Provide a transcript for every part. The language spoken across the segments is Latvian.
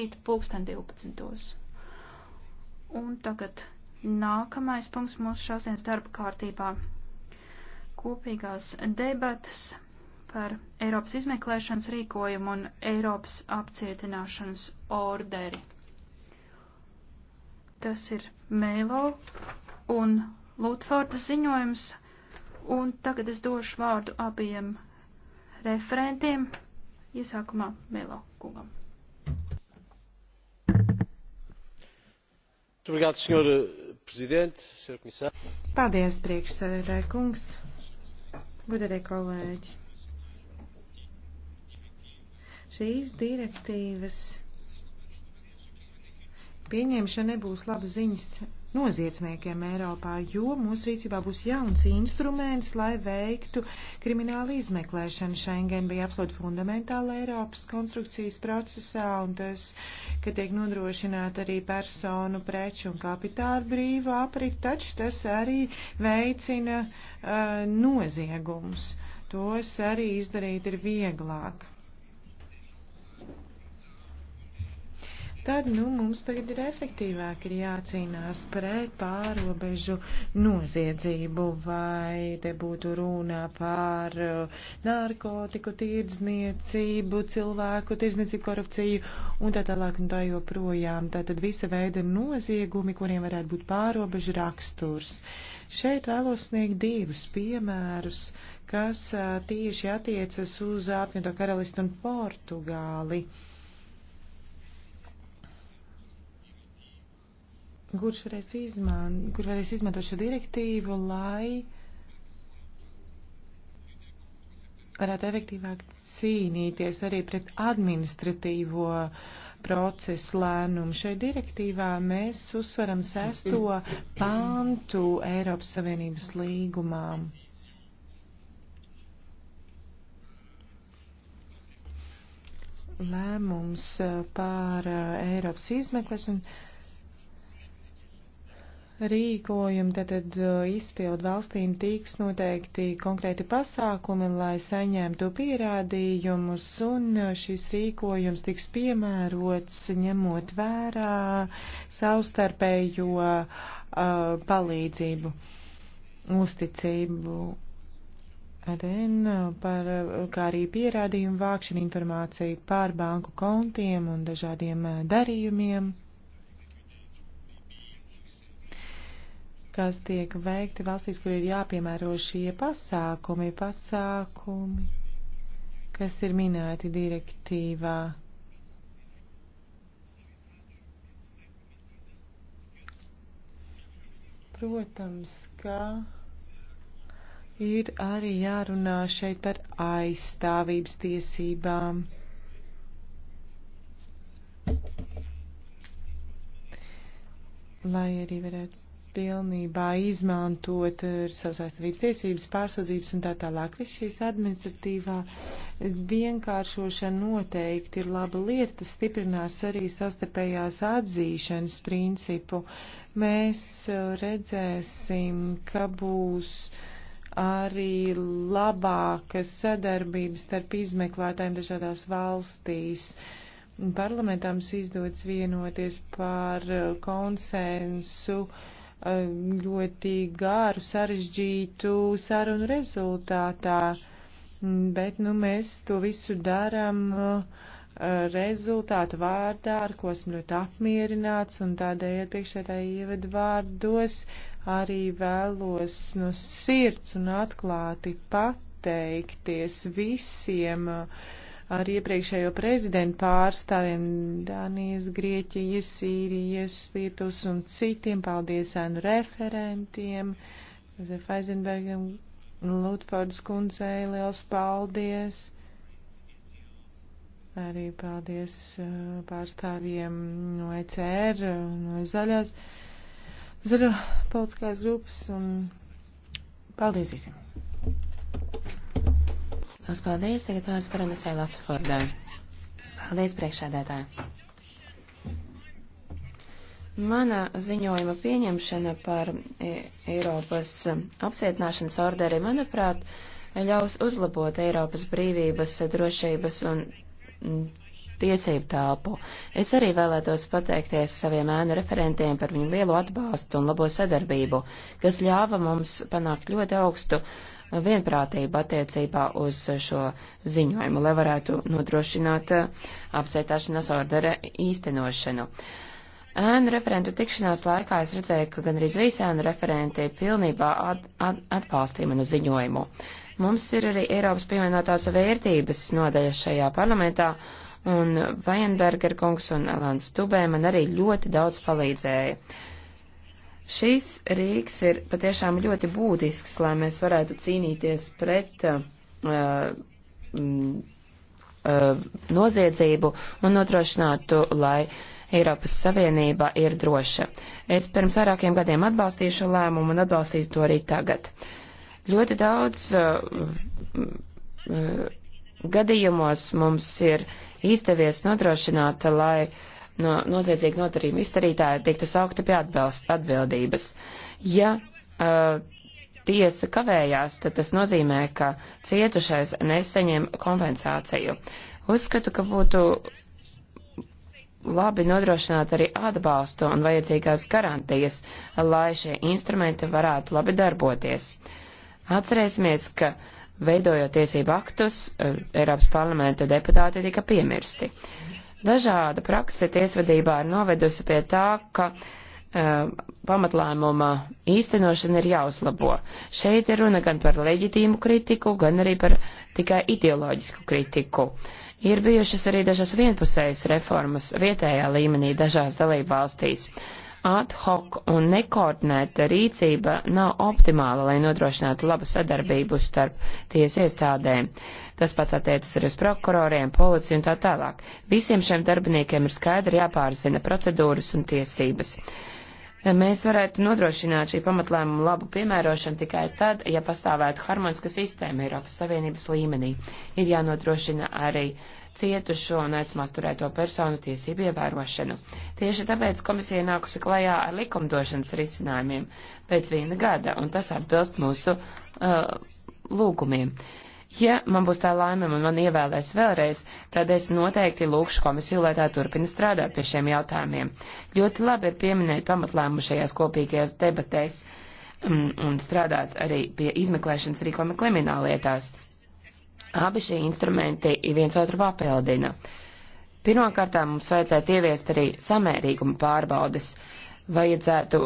rīt pulksten 12. Un tagad nākamais punkts mūsu šodienas darba kārtībā. Kopīgās debatas par Eiropas izmeklēšanas rīkojumu un Eiropas apcietināšanas orderi. Tas ir Mēlo un Lutfordas ziņojums, un tagad es došu vārdu abiem referentiem, iesākumā Mēlo kungam. Eh, Paldies, priekšsēdētāji kungs, gudrie kolēģi. Šīs direktīvas pieņemšana nebūs laba ziņas noziedzniekiem Eiropā, jo mūsu rīcībā būs jauns instruments, lai veiktu kriminālu izmeklēšanu. Schengen bija absolūti fundamentāla Eiropas konstrukcijas procesā, un tas, ka tiek nodrošināta arī personu, preču un kapitāla brīva aprit, taču tas arī veicina uh, noziegumus. Tos arī izdarīt ir vieglāk. tad nu, mums tagad ir efektīvāk ir jācīnās pret pārobežu noziedzību, vai te būtu runa par uh, narkotiku tirdzniecību, cilvēku tirdzniecību, korupciju un tā tālāk un tā joprojām. Tātad visa veida noziegumi, kuriem varētu būt pārobežu raksturs. Šeit vēlos sniegt divus piemērus, kas uh, tieši attiecas uz apvienoto karalistu un Portugāli. Uh, kurš varēs, izman, kur varēs izmantot šo direktīvu, lai varētu efektīvāk cīnīties arī pret administratīvo procesu lēnumu. Šai direktīvā mēs uzsveram sesto pantu Eiropas Savienības līgumām. Lēmums uh, pār uh, Eiropas izmeklēšanu rīkojumi, tad uh, izpildu valstīm tiks noteikti konkrēti pasākumi, lai saņemtu pierādījumus, un uh, šis rīkojums tiks piemērots ņemot vērā savstarpējo uh, palīdzību, uzticību. Aden uh, par, kā arī pierādījumu vākšanu informāciju par banku kontiem un dažādiem darījumiem. kas tiek veikti valstīs, kur ir jāpiemēro šie pasākumi, pasākumi, kas ir minēti direktīvā. Protams, ka ir arī jārunā šeit par aizstāvības tiesībām. Lai arī varētu pilnībā izmantot eh, savas aizstāvības tiesības, pārsūdzības un tā tālāk. Viss šīs administratīvā vienkāršošana noteikti ir laba lieta, tas stiprinās arī sastarpējās atzīšanas principu. Mēs eh, redzēsim, ka būs arī labākas sadarbības starp izmeklētājiem dažādās valstīs. Parlamentams izdodas vienoties par eh, konsensu uh, Eh, ļoti gāru, sarežģītu sarunu rezultātā. Mm, bet nu, mēs to visu darām eh, rezultātu vārdā, ar ko esmu ļoti apmierināts, un tādēļ iepriekšētā ievadu vārdos arī vēlos no sirds un atklāti pateikties visiem uh, ar iepriekšējo prezidentu pārstāvjiem Dānijas, Grieķijas, Sīrijas, Lietuvas un citiem. Paldies ēnu referentiem, Josef Eisenbergam, Lutfordas kundzei. Liels paldies! Arī paldies uh, pārstāvjiem no ECR, no zaļās, zaļo politiskās grupas un paldies visiem! Lielas paldies, tagad vārds Baronisai Latvordai. Paldies, priekšsēdētāji. Mana ziņojuma pieņemšana par e, Eiropas apcietināšanas orderi, manuprāt, ļaus uzlabot Eiropas brīvības, drošības un tiesību telpu. Es arī vēlētos pateikties saviem ēnu referentiem par viņu lielo atbalstu un labo sadarbību, kas ļāva mums panākt ļoti augstu uh, vienprātību attiecībā uz šo ziņojumu, lai varētu nodrošināt uh, apsētāšanās ordere īstenošanu. Ēnu referentu tikšanās laikā es redzēju, ka gandrīz visi ēnu referenti pilnībā at, at, atbalstīja manu ziņojumu. Mums ir arī Eiropas pievienotās vērtības nodaļa šajā parlamentā, un Vajenberger kungs un Elans Tubē man arī ļoti daudz palīdzēja. Šīs rīks ir patiešām ļoti būtisks, lai mēs varētu cīnīties pret uh, mm, uh, noziedzību un nodrošinātu, lai Eiropas Savienība ir droša. Es pirms vairākiem gadiem atbalstīju šo lēmumu un atbalstīju to arī tagad. Ļoti daudz uh, uh, gadījumos mums ir izdevies nodrošināt, lai uh, no noziedzīga notarījuma izdarītāja tiktu saukti pie atbilst, atbildības. Ja uh, tiesa kavējās, tad tas nozīmē, ka cietušais neseņem kompensāciju. Uzskatu, ka būtu labi nodrošināt arī atbalstu un vajadzīgās garantijas, lai šie instrumenti varētu labi darboties. Atcerēsimies, ka veidojot tiesību aktus, Eiropas parlamenta deputāti tika piemirsti. Uh, Dažāda prakse tiesvedībā ir novedusi pie tā, ka eh, pamatlēmuma īstenošana ir jāuzlabo. Šeit ir runa gan par leģitīmu kritiku, gan arī par tikai ideoloģisku kritiku. Ir bijušas arī dažas vienpusējas reformas vietējā līmenī dažās dalību valstīs. Ad hoc un nekoordinēta rīcība nav optimāla, lai nodrošinātu labu sadarbību starp tiesu iestādēm. Tas pats attiecas arī uz prokuroriem, policiju un tā tālāk. Visiem šiem darbiniekiem ir skaidri jāpārzina procedūras un tiesības. Mēs varētu nodrošināt šī pamatlēmuma labu piemērošanu tikai tad, ja pastāvētu harmoniska sistēma Eiropas Savienības līmenī. Ir jānodrošina arī cietušo un aiztumās turēto personu tiesību ievērošanu. Tieši tāpēc komisija nākusi klajā ar likumdošanas risinājumiem pēc viena gada, un tas atbilst mūsu uh, lūgumiem. Ja man būs tā laime un man ievēlēs vēlreiz, tad es noteikti lūkšu komisiju, lai tā turpina strādāt pie šiem jautājumiem. Ļoti labi ir pieminēt pamatlēmu šajās kopīgajās debatēs un, um, un strādāt arī pie izmeklēšanas rīkojuma krimināllietās. Abi šie instrumenti viens otru papildina. Pirmkārtām mums vajadzētu ieviest arī samērīguma pārbaudes. Vajadzētu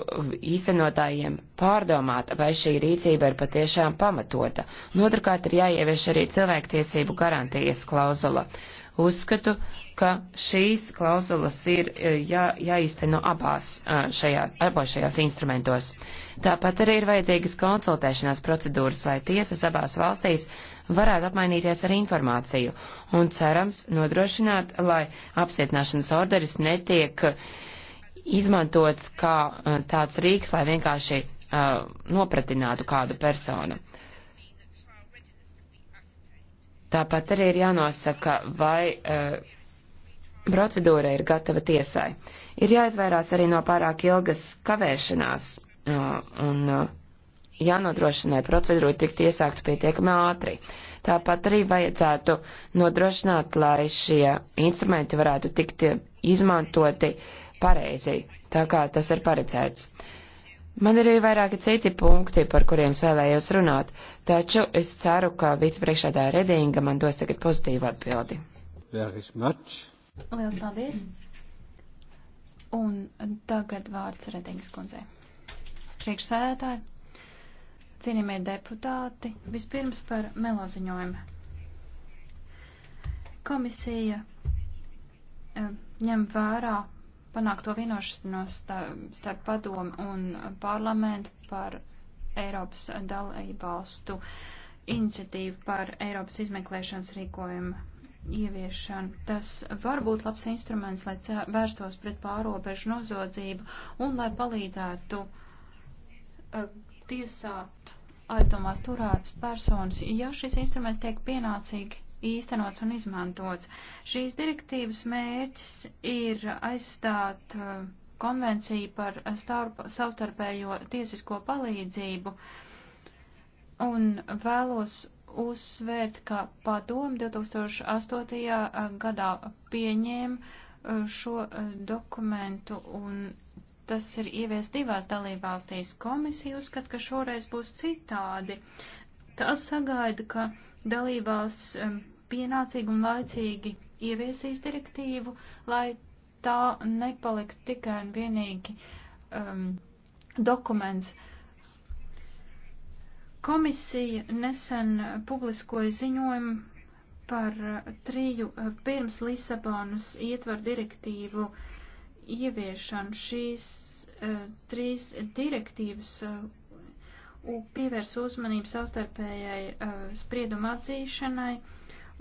īstenotājiem pārdomāt, vai šī rīcība ir patiešām pamatota. Un otrkārt ir jāievieš arī cilvēktiesību garantijas klauzula. Uzskatu, ka šīs klauzulas ir e, jā, jāizteno abās e, šajās, abos šajās instrumentos. Tāpat arī ir vajadzīgas konsultēšanās procedūras, lai tiesas abās valstīs varētu apmainīties ar informāciju un cerams nodrošināt, lai apcietināšanas orderis netiek uh, izmantots kā uh, tāds rīks, lai vienkārši uh, nopratinātu kādu personu. Tāpat arī ir jānosaka, vai uh, procedūra ir gatava tiesai. Ir jāizvairās arī no pārāk ilgas kavēšanās uh, un uh, jānodrošina, lai procedūra tiktu iesākta pietiekami ātri. Tāpat arī vajadzētu nodrošināt, lai šie instrumenti varētu tikt izmantoti pareizi, tā kā tas ir paredzēts. Man ir arī vairāki citi punkti, par kuriem vēlējos runāt, taču es ceru, ka vicepriekšādā redinga man dos tagad pozitīvu atbildi. Lielas paldies! Un tagad vārds redingas kundzei. Priekšsēdētāji! Cienījamie deputāti, vispirms par meloziņojumu. Komisija eh, ņem vērā panākto vienošanos starp padomu un parlamentu par Eiropas dalībvalstu iniciatīvu par Eiropas izmeklēšanas rīkojumu ieviešanu. Tas var būt labs instruments, lai vērstos pret pārobežu nozodzību un lai palīdzētu uh, tiesāt aizdomās turētas personas, ja šis instruments tiek pienācīgi īstenots un izmantots. Šīs direktīvas mērķis ir aizstāt uh, konvenciju par savstarpējo tiesisko palīdzību un vēlos uzsvērt, ka padomu 2008. Uh, gadā pieņēma uh, šo dokumentu un Tas ir ievies divās dalībvalstīs. Komisija uzskata, ka šoreiz būs citādi. Tā sagaida, ka dalībvalsts um, pienācīgi un laicīgi ieviesīs direktīvu, lai tā nepaliktu tikai un vienīgi um, dokuments. Komisija nesen publiskoja ziņojumu par uh, triju uh, pirms Lisabonas ietvar direktīvu uh, ieviešanu šīs uh, trīs direktīvas uh, pievērs uzmanību savstarpējai uh, eh, spriedumu atzīšanai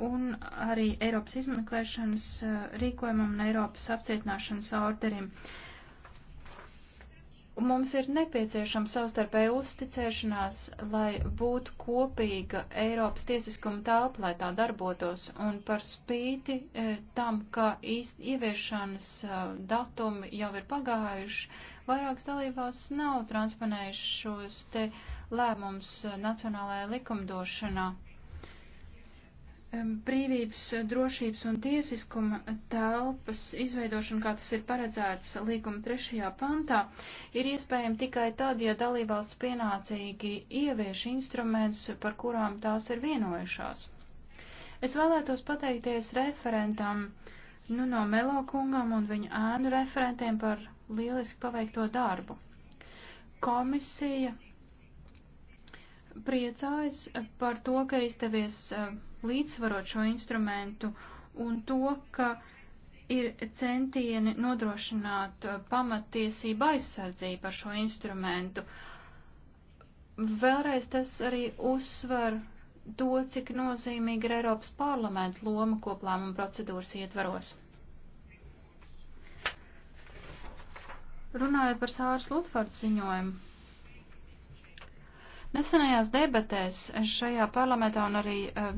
un arī Eiropas izmeklēšanas uh, rīkojumam un Eiropas apcietināšanas orderim. Uh, Mums ir nepieciešama savstarpēja uzticēšanās, lai būtu kopīga Eiropas tiesiskuma telpa, lai tā darbotos, un par spīti e, tam, ka īst ieviešanas e, datumi jau ir pagājuši, vairākas dalībās nav transponējušos te lēmums eh, nacionālajā likumdošanā. E, brīvības, drošības un tiesiskuma telpas izveidošana, kā tas ir paredzēts līguma trešajā pantā, ir iespējama tikai tad, ja dalībvalsts pienācīgi ievieš instrumentus, par kurām tās ir vienojušās. Es vēlētos pateikties referentam nu, no Melo kungam un viņa ēnu referentiem par lieliski paveikto darbu. Komisija priecājas par to, ka ir izdevies e, līdzsvarot šo instrumentu un to, ka ir centieni nodrošināt e, pamatiesību aizsardzību ar šo instrumentu. Vēlreiz tas arī uzsver to, cik nozīmīga ir Eiropas parlamenta loma koplēmuma procedūras ietvaros. Runājot par Sāras Lutfords ziņojumu, Nesenajās debatēs šajā parlamentā un arī uh,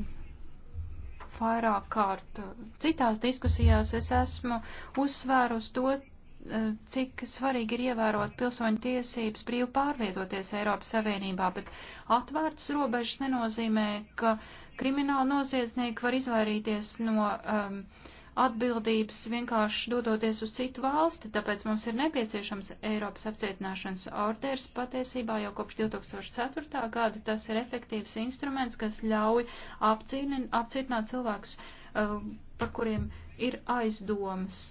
vairāk kārt eh, citās diskusijās es esmu uzsvērus to, uh, cik svarīgi ir ievērot pilsoņu tiesības brīvi pārvietoties Eiropas Savienībā, bet atvērtas robežas nenozīmē, ka krimināli noziedznieki var izvairīties no um, uh, atbildības vienkārši dodoties uz citu valsti, tāpēc mums ir nepieciešams Eiropas apcietināšanas orders. Patiesībā jau kopš 2004. gada tas ir efektīvs instruments, kas ļauj apcīnin, apcietināt cilvēkus, uh, par kuriem ir aizdomas.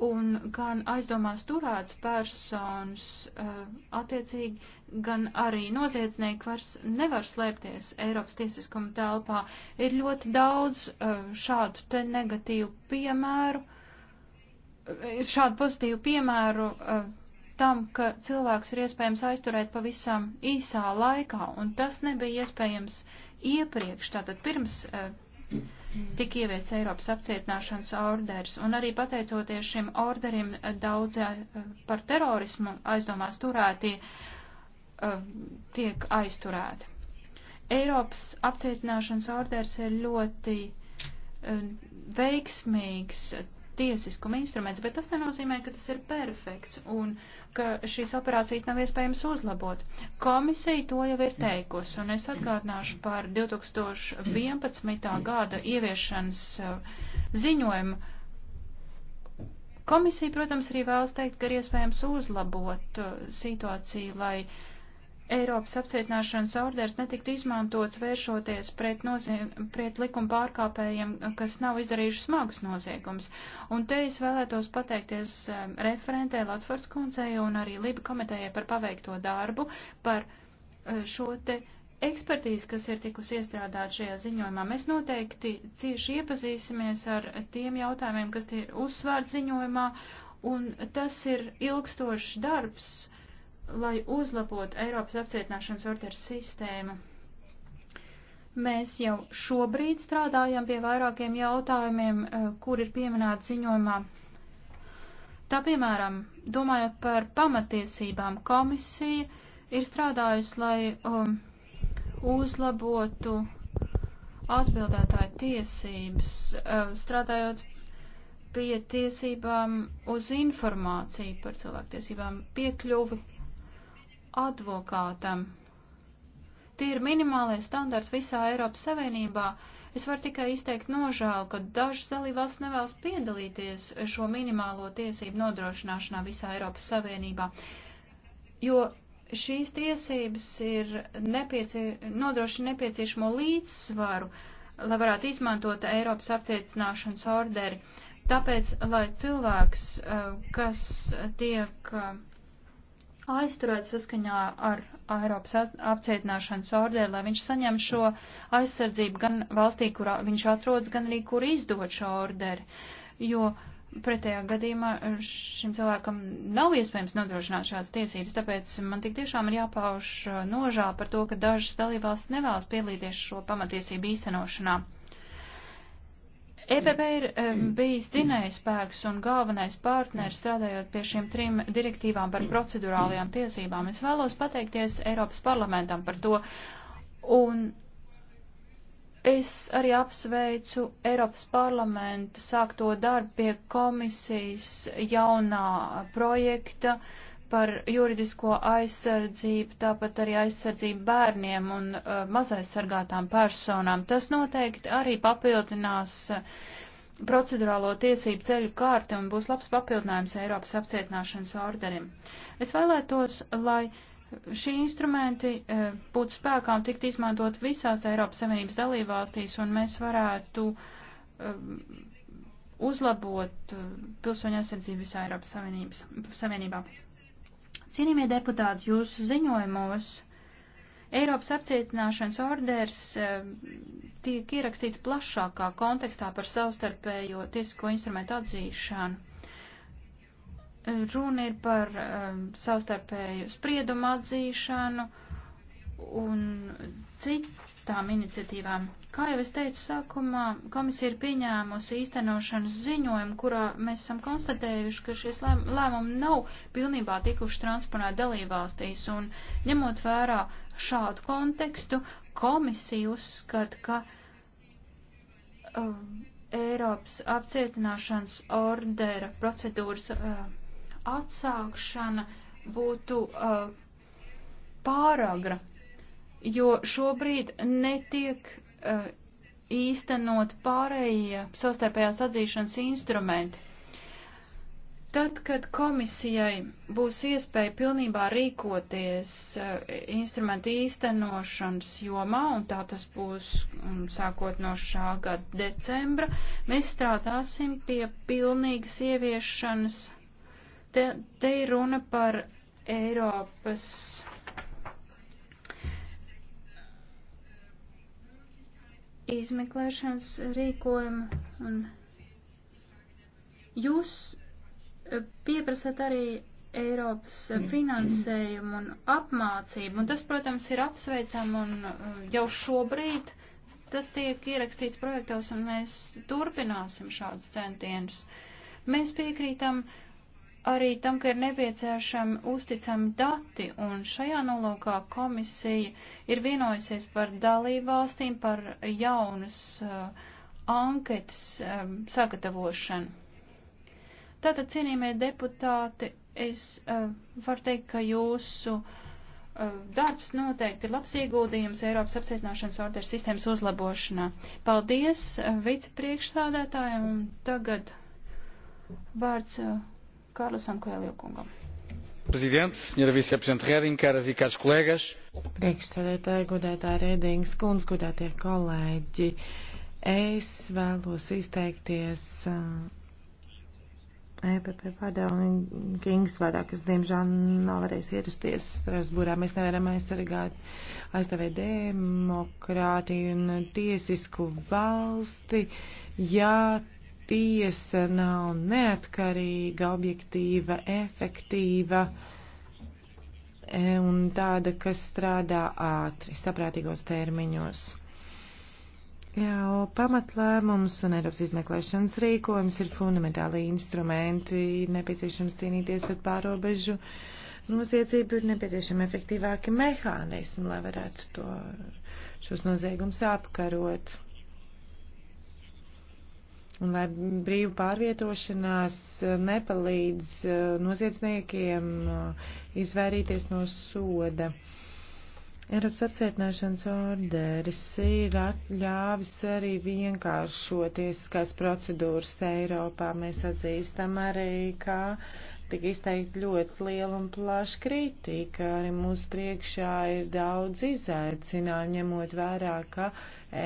Un gan aizdomās turēts personas uh, attiecīgi gan arī noziedznieki vairs nevar slēpties Eiropas tiesiskuma telpā. Ir ļoti daudz uh, šādu te negatīvu piemēru, ir šādu pozitīvu piemēru uh, tam, ka cilvēks ir iespējams aizturēt pavisam īsā laikā, un tas nebija iespējams iepriekš, tātad pirms uh, tika ieviests Eiropas apcietināšanas orders, un arī pateicoties šim orderim daudzie par terorismu aizdomās turētie uh, tiek aizturēti. Eiropas apcietināšanas orders ir ļoti uh, veiksmīgs tiesiskuma instruments, bet tas nenozīmē, ka tas ir perfekts un ka šīs operācijas nav iespējams uzlabot. Komisija to jau ir teikusi, un es atgādināšu par 2011. gada ieviešanas uh, ziņojumu. Komisija, protams, arī vēlas teikt, ka ir iespējams uzlabot uh, situāciju, lai uh, Eiropas apcietināšanas orders netiktu izmantots vēršoties pret, nozieg, pret likuma pārkāpējiem, kas nav izdarījuši smagus noziegumus. Un te es vēlētos pateikties um, referentē Latvijas kundzei un arī Liba komitējai par paveikto darbu, par uh, šo te ekspertīzi, kas ir tikusi iestrādāta šajā ziņojumā, mēs noteikti cieši iepazīsimies ar tiem jautājumiem, kas ir uzsvērts ziņojumā, un tas ir ilgstošs darbs, lai uzlabotu Eiropas apcietināšanas orderu sistēmu. Mēs jau šobrīd strādājam pie vairākiem jautājumiem, eh, kur ir pieminēti ziņojumā. Tā piemēram, domājot par pamatiesībām, komisija ir strādājusi, lai um, uzlabotu atbildētāju tiesības, uh, strādājot pie tiesībām uz informāciju par cilvēktiesībām, piekļuvi advokātam. Tie ir minimālie standarti visā Eiropas Savienībā. Es varu tikai izteikt nožēlu, ka dažas dalībvalsts nevēlas piedalīties šo minimālo tiesību nodrošināšanā visā Eiropas Savienībā, jo šīs tiesības ir nepiecie, nodrošina nepieciešamo līdzsvaru, lai varētu izmantot Eiropas apcietināšanas orderi. Tāpēc, lai cilvēks, eh, kas tiek eh, aizturēts saskaņā ar Eiropas apcietināšanas orderi, lai viņš saņem šo aizsardzību gan valstī, kurā viņš atrodas, gan arī, kur izdod šo orderi. Jo pretējā gadījumā šim cilvēkam nav iespējams nodrošināt šādas tiesības, tāpēc man tik tiešām ir jāpauž nožēla par to, ka dažas dalībvalsts nevēlas piedalīties šo pamatiesību īstenošanā. EPP ir um, bijis dzinējspēks un galvenais partners strādājot pie šiem trim direktīvām par procedurālajām tiesībām. Es vēlos pateikties Eiropas parlamentam par to. Un es arī apsveicu Eiropas parlamentu sākto darbu pie komisijas jaunā projekta. Uh, par juridisko aizsardzību, tāpat arī aizsardzību bērniem un uh, mazaizsargātām personām. Tas noteikti arī papildinās uh, procedurālo tiesību ceļu kārti un būs labs papildinājums Eiropas apcietināšanas orderim. Es vēlētos, lai šī instrumenti uh, būtu spēkā un tikt izmantot visās Eiropas Savienības dalībvalstīs un mēs varētu um, uh, uzlabot pilsoņu aizsardzību visā Eiropas Savienības, Savienībā. Cienījamie deputāti, jūsu ziņojumos Eiropas apcietināšanas orders e, tiek ierakstīts plašākā kontekstā par savstarpējo tiesisko instrumentu atzīšanu. E, runa ir par um, savstarpēju spriedumu atzīšanu un citām iniciatīvām. Kā jau es teicu sākumā, komisija ir pieņēmusi īstenošanas ziņojumu, kurā mēs esam konstatējuši, ka šies lēm, lēmumi nav pilnībā tikuši transponēti dalībvalstīs, un ņemot vērā šādu kontekstu, komisija uzskata, ka uh, Eiropas apcietināšanas ordera procedūras uh, atsākšana būtu uh, pāragra, jo šobrīd netiek Uh, īstenot pārējie savstarpējās atzīšanas instrumenti. Tad, kad komisijai būs iespēja pilnībā rīkoties uh, instrumentu īstenošanas jomā, un tā tas būs sākot no šā gada decembra, mēs strādāsim pie pilnīgas ieviešanas. Te, te ir runa par Eiropas izmeklēšanas rīkojumu. Un jūs e, pieprasat arī Eiropas e, finansējumu un apmācību, un tas, protams, ir apsveicam, un e, jau šobrīd tas tiek ierakstīts projektos, un mēs turpināsim šādus centienus. Mēs piekrītam uh, arī tam, ka ir nepieciešami uzticami dati, un šajā nolūkā komisija ir vienojusies par dalību valstīm par jaunas uh, anketas um, sagatavošanu. Tātad, cienījamie deputāti, es uh, varu teikt, ka jūsu uh, darbs noteikti ir labs ieguldījums Eiropas apcietināšanas orderu sistēmas uzlabošanā. Paldies uh, vicepriekšstādētājiem, tagad vārds. Uh, Karlusam Koelio kungam. Prezidents, senjora viceprezidenta Reding, karas i e kārs kolēgas. Priekšsēdētāji, godētāji Redings, kundz, godētie kolēģi, es vēlos izteikties EPP vārdā un Kings vārdā, kas diemžēl nav varējis ierasties Strasbūrā. Mēs nevaram aizsargāt, aizstāvēt demokrātiju un tiesisku valsti, ja tiesa nav neatkarīga, objektīva, efektīva e, un tāda, kas strādā ātri, saprātīgos termiņos. Jā, pamatlēmums un Eiropas izmeklēšanas rīkojums ir fundamentāli instrumenti, ir nepieciešams cīnīties pret pārobežu noziedzību, ir nepieciešami efektīvāki mehānismi, lai varētu to, šos noziegums apkarot un lai brīva pārvietošanās eh, nepalīdz eh, noziedzniekiem eh, izvairīties no soda. Eiropas apcietināšanas orderis ir ļāvis arī vienkāršotieskās procedūras Eiropā. Mēs atzīstam arī, ka tik izteikti ļoti liela un plaša kritika. Arī mūsu priekšā ir daudz izaicinājumu, ņemot vērā, ka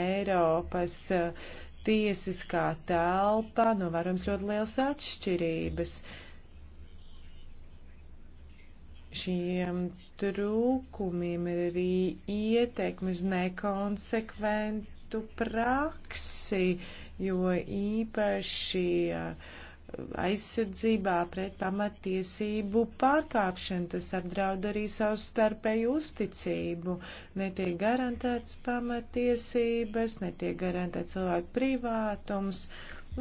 Eiropas tiesiskā telpā novērojams ļoti liels atšķirības. Šiem trūkumiem ir arī ietekmi uz nekonsekventu praksi, jo īpaši uh, aizsardzībā pret pamatiesību pārkāpšanu. Tas apdraud arī savstarpēju uzticību. Netiek garantēts pamatiesības, netiek garantēts cilvēku privātums.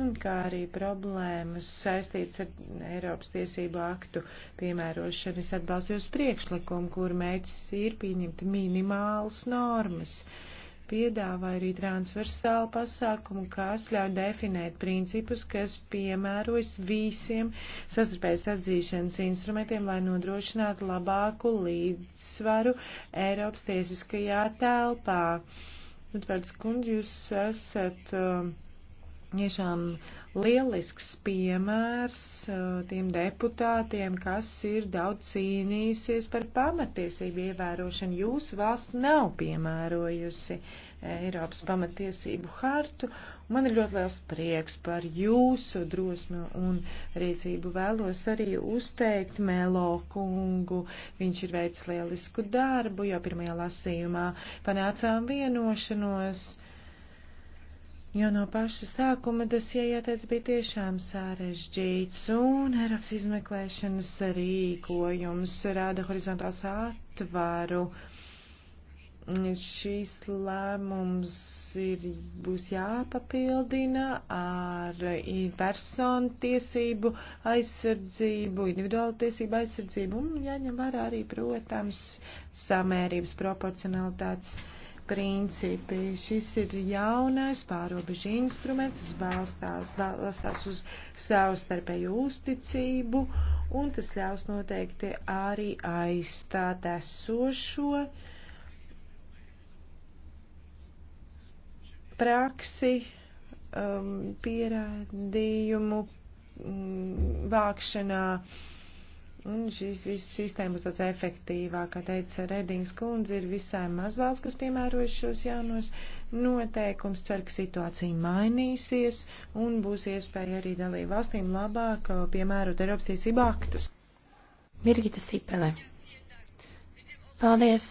Un kā arī problēmas saistīts ar Eiropas tiesību aktu piemērošanu, es atbalstu jūs priekšlikumu, kur mērķis ir pieņemt minimālas normas. Uh, piedāvāja arī transversālu pasākumu, kas ļauj definēt principus, kas piemērojas visiem sastarpējas atzīšanas instrumentiem, lai nodrošinātu labāku līdzsvaru Eiropas tiesiskajā telpā. Nu, tvērts kundze, jūs esat. Uh, Tiešām lielisks piemērs uh, tiem deputātiem, kas ir daudz cīnījusies par pamatiesību ievērošanu. Jūsu valsts nav piemērojusi Eiropas pamatiesību hartu. Man ir ļoti liels prieks par jūsu drosmi un rīcību. Vēlos arī uzteikt Melo kungu. Viņš ir veicis lielisku darbu, jo pirmajā lasījumā panācām vienošanos Jo no paša sākuma dosie jāteic bija tiešām sarežģīts un Eiropas izmeklēšanas rīkojums rāda horizontāls atvaru. Šīs lēmums ir, būs jāpapildina ar personu tiesību aizsardzību, individuālu tiesību aizsardzību un jāņem vērā arī, protams, samērības proporcionalitātes. Uh, principi. Šis ir jaunais pārobežu instruments, tas balstās, balstās uz savstarpēju uzticību, un tas ļaus noteikti arī aizstāt esošo praksi, um, pierādījumu um, vākšanā. Um, Un šīs visas sistēmas daudz efektīvāk, kā teica Redings kundze, ir visām mazvalsts, kas piemērojas šos jaunos noteikums. Ceru, ka situācija mainīsies un būs iespēja arī dalību valstīm labāk uh, piemērot Eiropas tiesību aktus. Mirgita Sipele. Paldies!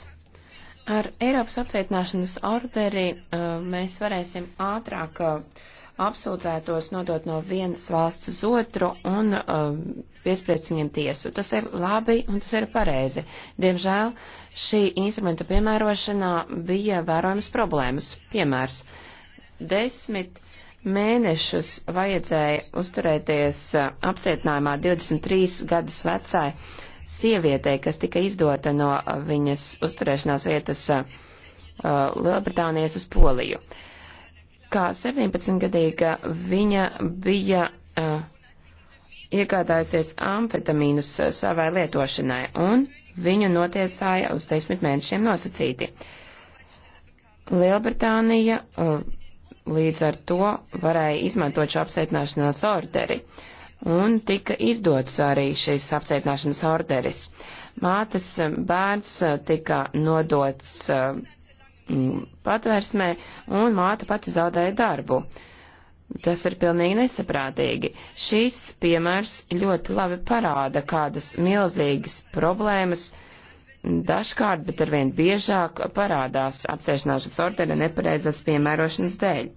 Ar Eiropas apcietināšanas orderi uh, mēs varēsim ātrāk uh, apsūdzētos nodot no vienas valsts uz otru un um, piespriest viņiem tiesu. Tas ir labi un tas ir pareizi. Diemžēl šī instrumenta piemērošanā bija vērojams problēmas. Piemērs. Desmit mēnešus vajadzēja uzturēties uh, apcietinājumā 23 gadus vecai sievietei, kas tika izdota no uh, viņas uzturēšanās vietas uh, uh Lielbritānijas uz Poliju. Uh, kā 17-gadīga viņa bija uh, iegādājusies amfetamīnus savai lietošanai, un viņu notiesāja uz 10 mēnešiem nosacīti. Lielbritānija uh, līdz ar to varēja izmantot šo apsveicināšanās orderi, un tika izdots arī šis apsveicināšanas orderis. Mātes bērns tika nodots uh, Mm, patvērsmē, un māte pati zaudēja darbu. Tas ir pilnīgi nesaprātīgi. Šīs piemērs ļoti labi parāda, kādas milzīgas problēmas dažkārt, bet arvien biežāk parādās apsēšanāšanas ordena nepareizas piemērošanas dēļ.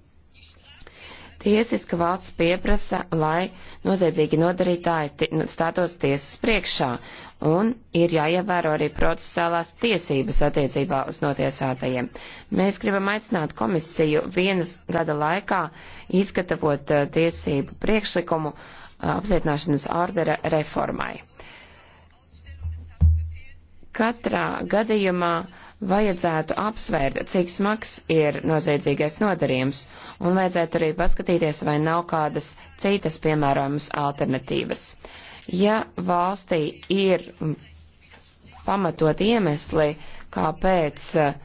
Tiesiska valsts pieprasa, lai noziedzīgi nodarītāji nu, stātos tiesas priekšā, un ir jāievēro arī procesuālās tiesības attiecībā uz notiesātajiem. Mēs gribam aicināt komisiju vienas gada laikā izgatavot eh, tiesību priekšlikumu eh, apcietināšanas ordera reformai. Katrā gadījumā vajadzētu apsvērt, cik smags ir noziedzīgais nodarījums, un vajadzētu arī paskatīties, vai nav kādas citas piemērojamas alternatīvas. Ja valstī ir pamatot iemesli, kāpēc uh,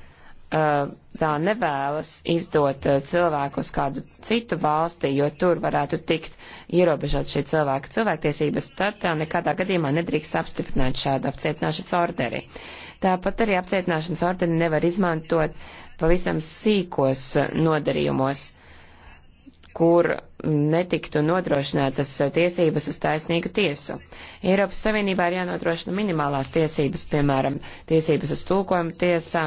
tā nevēlas izdot eh, cilvēku uz kādu citu valsti, jo tur varētu tikt ierobežot šī cilvēka cilvēktiesības, tad tā nekādā gadījumā nedrīkst apstiprināt šādu apcietināšanas orderi. Tāpat arī apcietināšanas orderi nevar izmantot pavisam sīkos nodarījumos kur netiktu nodrošinātas tiesības uz taisnīgu tiesu. Eiropas Savienībā ir jānodrošina minimālās tiesības, piemēram, tiesības uz tūkojumu tiesā,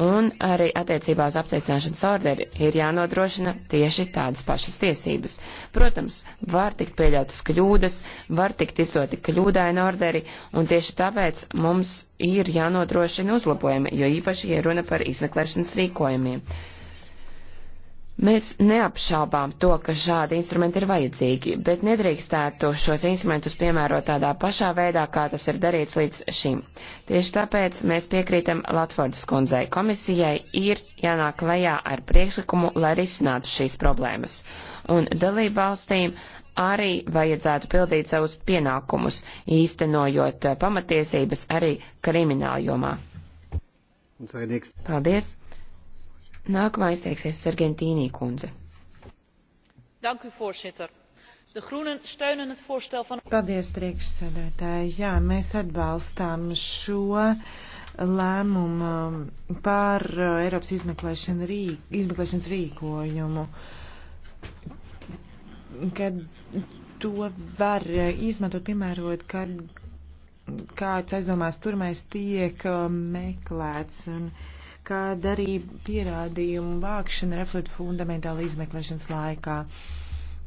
un arī attiecībā uz apcietināšanas orderi ir jānodrošina tieši tādas pašas tiesības. Protams, var tikt pieļautas kļūdas, var tikt izdoti kļūdaini orderi, un tieši tāpēc mums ir jānodrošina uzlabojumi, jo īpaši, ja runa par izmeklēšanas rīkojumiem. Mēs neapšaubām to, ka šādi instrumenti ir vajadzīgi, bet nedrīkstētu šos instrumentus piemērot tādā pašā veidā, kā tas ir darīts līdz šim. Tieši tāpēc mēs piekrītam Latvārdas kundzei. Komisijai ir jānāk lejā ar priekšlikumu, lai risinātu šīs problēmas. Un dalību valstīm arī vajadzētu pildīt savus pienākumus, īstenojot pamatiesības arī krimināljomā. Paldies! Nākamā izteiksies Sargentīnī kundze. Dank u, voorzitter. De Groenen steunen het voorstel van. Paldies, priekšsēdētāji. Jā, mēs atbalstām šo lēmumu par uh, Eiropas izmeklēšana rīk, izmeklēšanas rīkojumu, kad to var uh, izmantot, piemērot, kad kāds aizdomās turmais tiek uh, meklēts. Un, uh, kad arī pierādījumu vākšana reflektu fundamentāli izmeklēšanas laikā.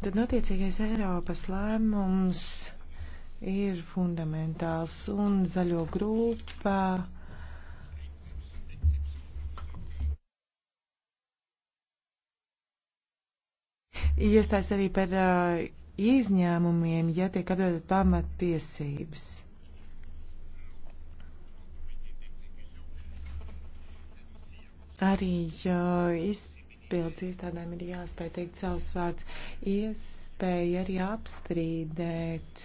Tad notiecīgais nu, Eiropas lēmums ir fundamentāls un zaļo grupa. Iestājas arī par uh, izņēmumiem, ja tiek atdodat pamatiesības. Arī izpildz iestādēm ir jāspēj teikt savus vārdus, iespēja arī apstrīdēt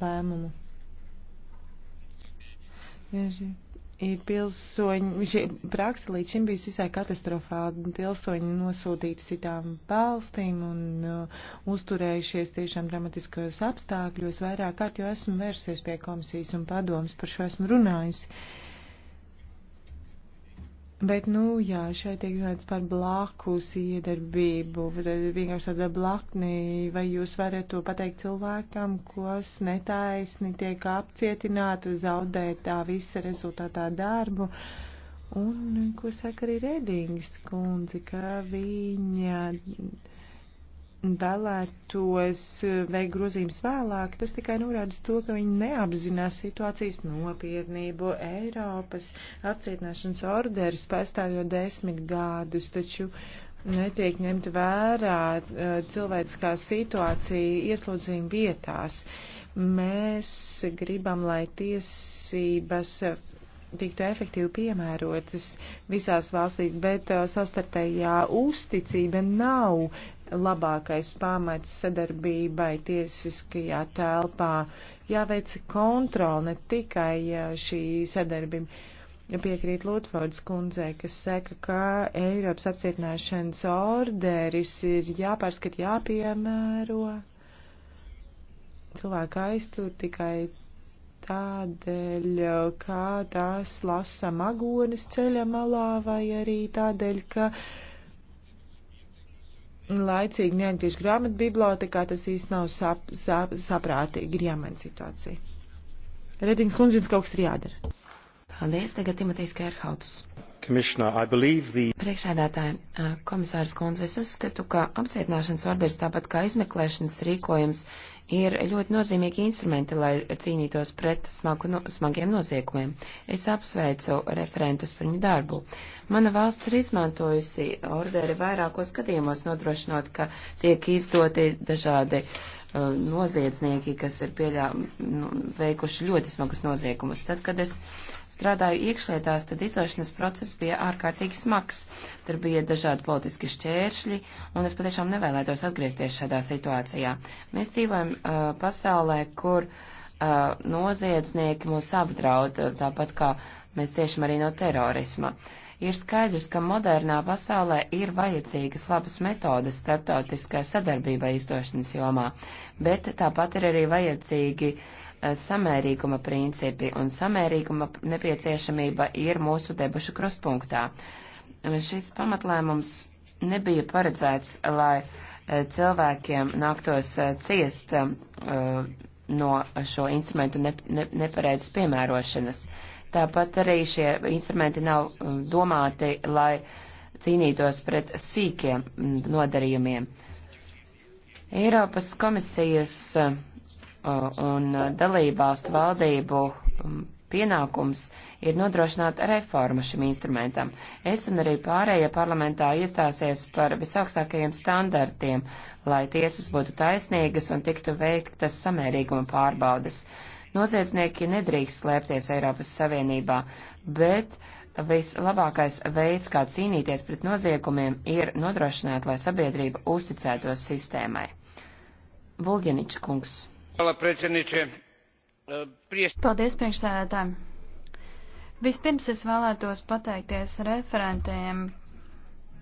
lēmumu. Bieži ir pilsoņi, šī praksa līdz šim bijusi visai katastrofāla. Pilsoņi nosūtīti citām valstīm un uh, uzturējušies tiešām dramatiskos apstākļos. Vairāk kārt jau esmu vērsies pie komisijas un padomas par šo esmu runājusi. Uh, Bet, nu, jā, šeit tiek runāts par blākus iedarbību, eh, vienkārši tāda blaknī, vai jūs varat to pateikt cilvēkam, kas netaisni tiek apcietināti, zaudē tā visa rezultātā darbu. Un, ko saka arī Redings kundze, ka viņa vēlētos eh, veikt grozījums vēlāk, tas tikai norāda to, ka viņi neapzinās situācijas nopietnību. Eiropas apcietināšanas orders pastāvjot desmit gadus, taču netiek ņemt vērā eh, cilvēciskā situācija ieslodzījuma vietās. Mēs gribam, lai tiesības tiktu efektīvi piemērotas visās valstīs, bet uh, savstarpējā uzticība nav labākais pamats sadarbībai tiesiskajā telpā. Jāveic kontroli ne tikai šī sadarbība. Piekrīt Lutfords kundzei, kas saka, ka Eiropas apcietināšanas orderis ir jāpārskat, jāpiemēro. Cilvēku aiztur tikai tādēļ, kā tās lasa magonis ceļa malā, vai arī tādēļ, ka uh, laicīgi neangliešu grāmatu bibliotekā, tas īsti nav sap, sap, saprātīgi, ir jāmaina situācija. Redings kundze, jums kaut kas ir jādara. Paldies, tagad Timotejs Kērhaups. The... Priekšēdētāji, komisārs kundze, es uzskatu, ka apcietināšanas orders, tāpat kā izmeklēšanas rīkojums, ir ļoti nozīmīgi instrumenti, lai cīnītos pret smagu, no, smagiem noziegumiem. Es apsveicu referentus par viņu darbu. Mana valsts ir izmantojusi orderi vairākos gadījumos, nodrošinot, ka tiek izdoti dažādi uh, Eh, noziedznieki, kas ir pieļā, nu, veikuši ļoti smagus noziegumus. Tad, kad es strādāju iekšlietās, tad izdošanas process bija ārkārtīgi smags. Tur bija dažādi politiski šķēršļi, un es patiešām nevēlētos atgriezties šādā situācijā. Mēs dzīvojam uh, pasaulē, kur uh, noziedznieki mūs apdraud, tāpat kā mēs ciešam arī no terorisma. Uh, Ir skaidrs, ka modernā pasaulē ir vajadzīgas labas metodas starptautiskai sadarbībai izdošanas jomā, bet tāpat ir arī vajadzīgi eh, samērīguma principi, un samērīguma nepieciešamība ir mūsu debašu krustpunktā. Šis pamatlēmums nebija paredzēts, lai eh, cilvēkiem nāktos eh, ciest uh, no šo instrumentu ne, ne, nepareizas piemērošanas. Uh, Tāpat arī šie instrumenti nav um, domāti, lai cīnītos pret sīkiem mm, nodarījumiem. Eiropas komisijas uh, un dalībvalstu valdību um, pienākums ir nodrošināt reformu šim instrumentam. Es un arī pārējie parlamentā iestāsies par visaugstākajiem standartiem, lai tiesas būtu taisnīgas un tiktu veiktas samērīguma pārbaudas. Noziedznieki nedrīkst slēpties Eiropas Savienībā, bet vislabākais veids, kā cīnīties pret noziegumiem, ir nodrošināt, lai sabiedrība uzticētos sistēmai. Vulģeničs kungs. Paldies, priekšsēdētājiem! Vispirms es vēlētos pateikties referentiem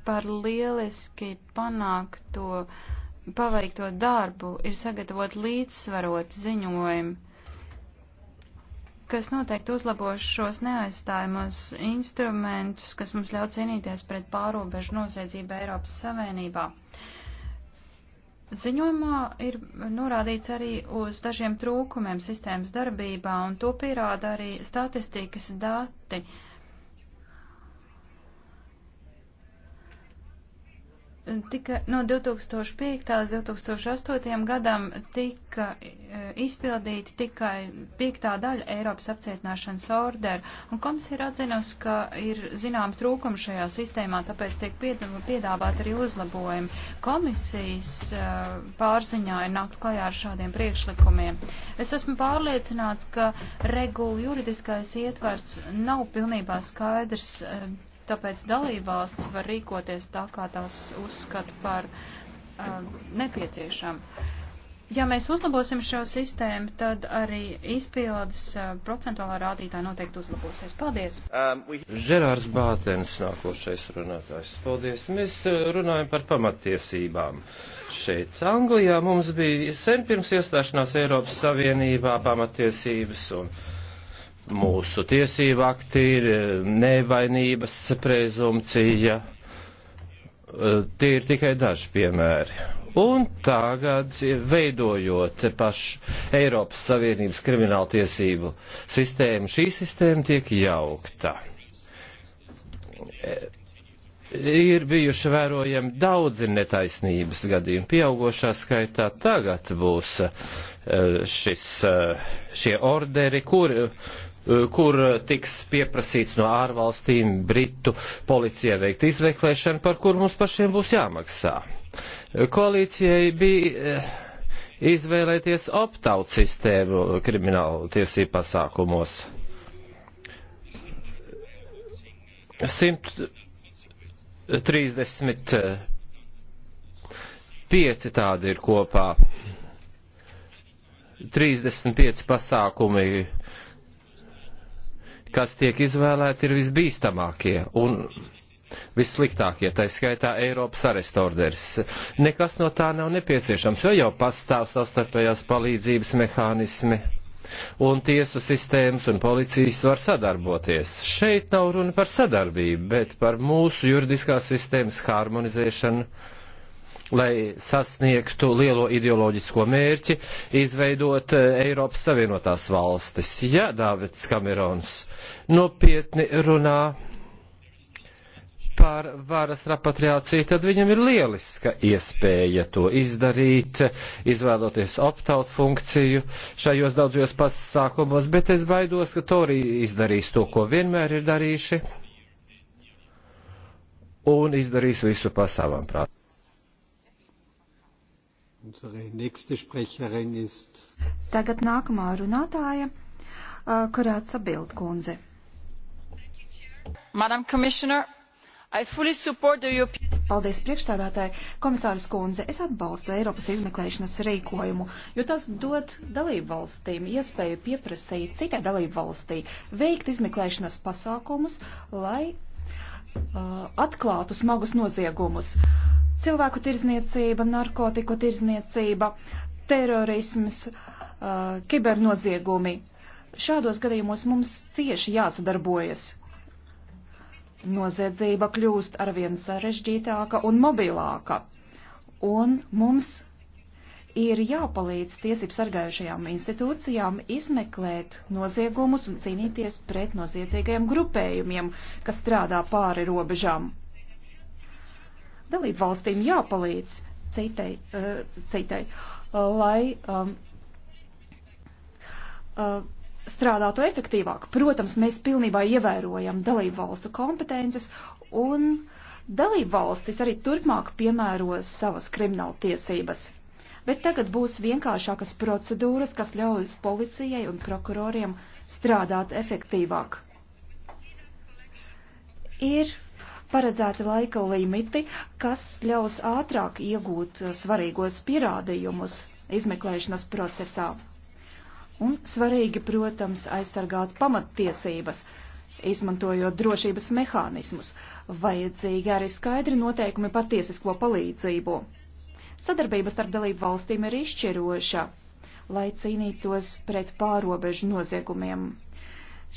par lieliski panākto, paveikto darbu, ir sagatavot līdzsvarot ziņojumu kas noteikti uzlabos šos neaizstājumos instrumentus, kas mums ļauj cīnīties pret pārobežu noziedzību Eiropas Savienībā. Ziņojumā ir norādīts arī uz dažiem trūkumiem sistēmas darbībā, un to pierāda arī statistikas dati. Uh, tika no 2005. līdz 2008. gadam tika e, izpildīta tikai piektā daļa Eiropas apcietināšanas orderu, un komisija ir atzinusi, ka ir zinām trūkumi šajā sistēmā, tāpēc tiek piedāvāt arī uzlabojumi. Komisijas e, pārziņā ir nākt klajā ar šādiem priekšlikumiem. Es esmu pārliecināts, ka regula juridiskais ietvars nav pilnībā skaidrs e, Tāpēc dalībvalsts var rīkoties tā, kā tās uzskata par uh, nepieciešamu. Ja mēs uzlabosim šo sistēmu, tad arī izpildes uh, procentuālā rādītāja noteikti uzlabosies. Paldies! Um, we... Žerārs Bātens nākošais runātājs. Paldies! Mēs uh, runājam par pamatiesībām. Šeit Anglijā mums bija sen pirms iestāšanās Eiropas Savienībā pamatiesības un. Uh, mūsu tiesību akti, e, nevainības prezumcija. E, tie ir tikai daži piemēri. Un tagad, veidojot pašu Eiropas Savienības kriminālu tiesību sistēmu, šī sistēma tiek jaukta. E, ir bijuši vērojami daudzi netaisnības gadījumi, pieaugošā skaitā tagad būs šis, šie orderi, kuri Eh, kur eh, tiks pieprasīts no ārvalstīm Britu policijai veikt izmeklēšanu, par kur mums pašiem būs jāmaksā. Eh, koalīcijai bija izvēlēties optaut sistēmu kriminālu tiesību pasākumos. 135 tādi ir kopā. 35 pasākumi uh, kas tiek izvēlēti, ir visbīstamākie un vissliktākie, tā skaitā Eiropas arestorders. Nekas no tā nav nepieciešams, jo jau pastāv savstarpējās palīdzības mehānismi. Un tiesu sistēmas un policijas var sadarboties. Šeit nav runa par sadarbību, bet par mūsu juridiskās sistēmas harmonizēšanu lai sasniegtu lielo ideoloģisko mērķi, izveidot eh, Eiropas Savienotās valstis. Ja Dāvids Kamerons nopietni runā par varas repatriāciju, tad viņam ir lieliska iespēja to izdarīt, izvēloties optaut funkciju šajos daudzos pasākumos, bet es baidos, ka Tori izdarīs to, ko vienmēr ir darījuši, un izdarīs visu pa savam prātam. Tagad nākamā runātāja, Korāca Bildkundze. Madam Commissioner, I fully support the European. Paldies priekšstādātāji, komisāras kundze, es atbalstu Eiropas izmeklēšanas rīkojumu, jo tas dod dalību valstīm iespēju pieprasīt citai dalību valstī veikt izmeklēšanas pasākumus, lai uh, atklātu smagus noziegumus. Uh, Cilvēku tirzniecība, narkotiku tirzniecība, terorisms, uh, kibernoziegumi. Šādos gadījumos mums cieši jāsadarbojas. Noziedzība kļūst arvien sarežģītāka un mobilāka, un mums ir jāpalīdz tiesību sargājušajām institūcijām izmeklēt noziegumus un cīnīties pret noziedzīgajiem grupējumiem, kas strādā pāri robežām. Dalību valstīm jāpalīdz citai, eh, citai lai um, eh, strādātu efektīvāk. Protams, mēs pilnībā ievērojam dalību valstu kompetences un dalību valstis arī turpmāk piemēros savas krimināla tiesības. Bet tagad būs vienkāršākas procedūras, kas ļaujas policijai un prokuroriem strādāt efektīvāk. Ir paredzēti laika limiti, kas ļaus ātrāk iegūt eh, svarīgos pierādījumus izmeklēšanas procesā. Un svarīgi, protams, aizsargāt pamattiesības, izmantojot drošības mehānismus, vajadzīgi arī skaidri noteikumi par tiesisko palīdzību. Sadarbība starp dalību valstīm ir izšķiroša, lai cīnītos pret pārobežu noziegumiem.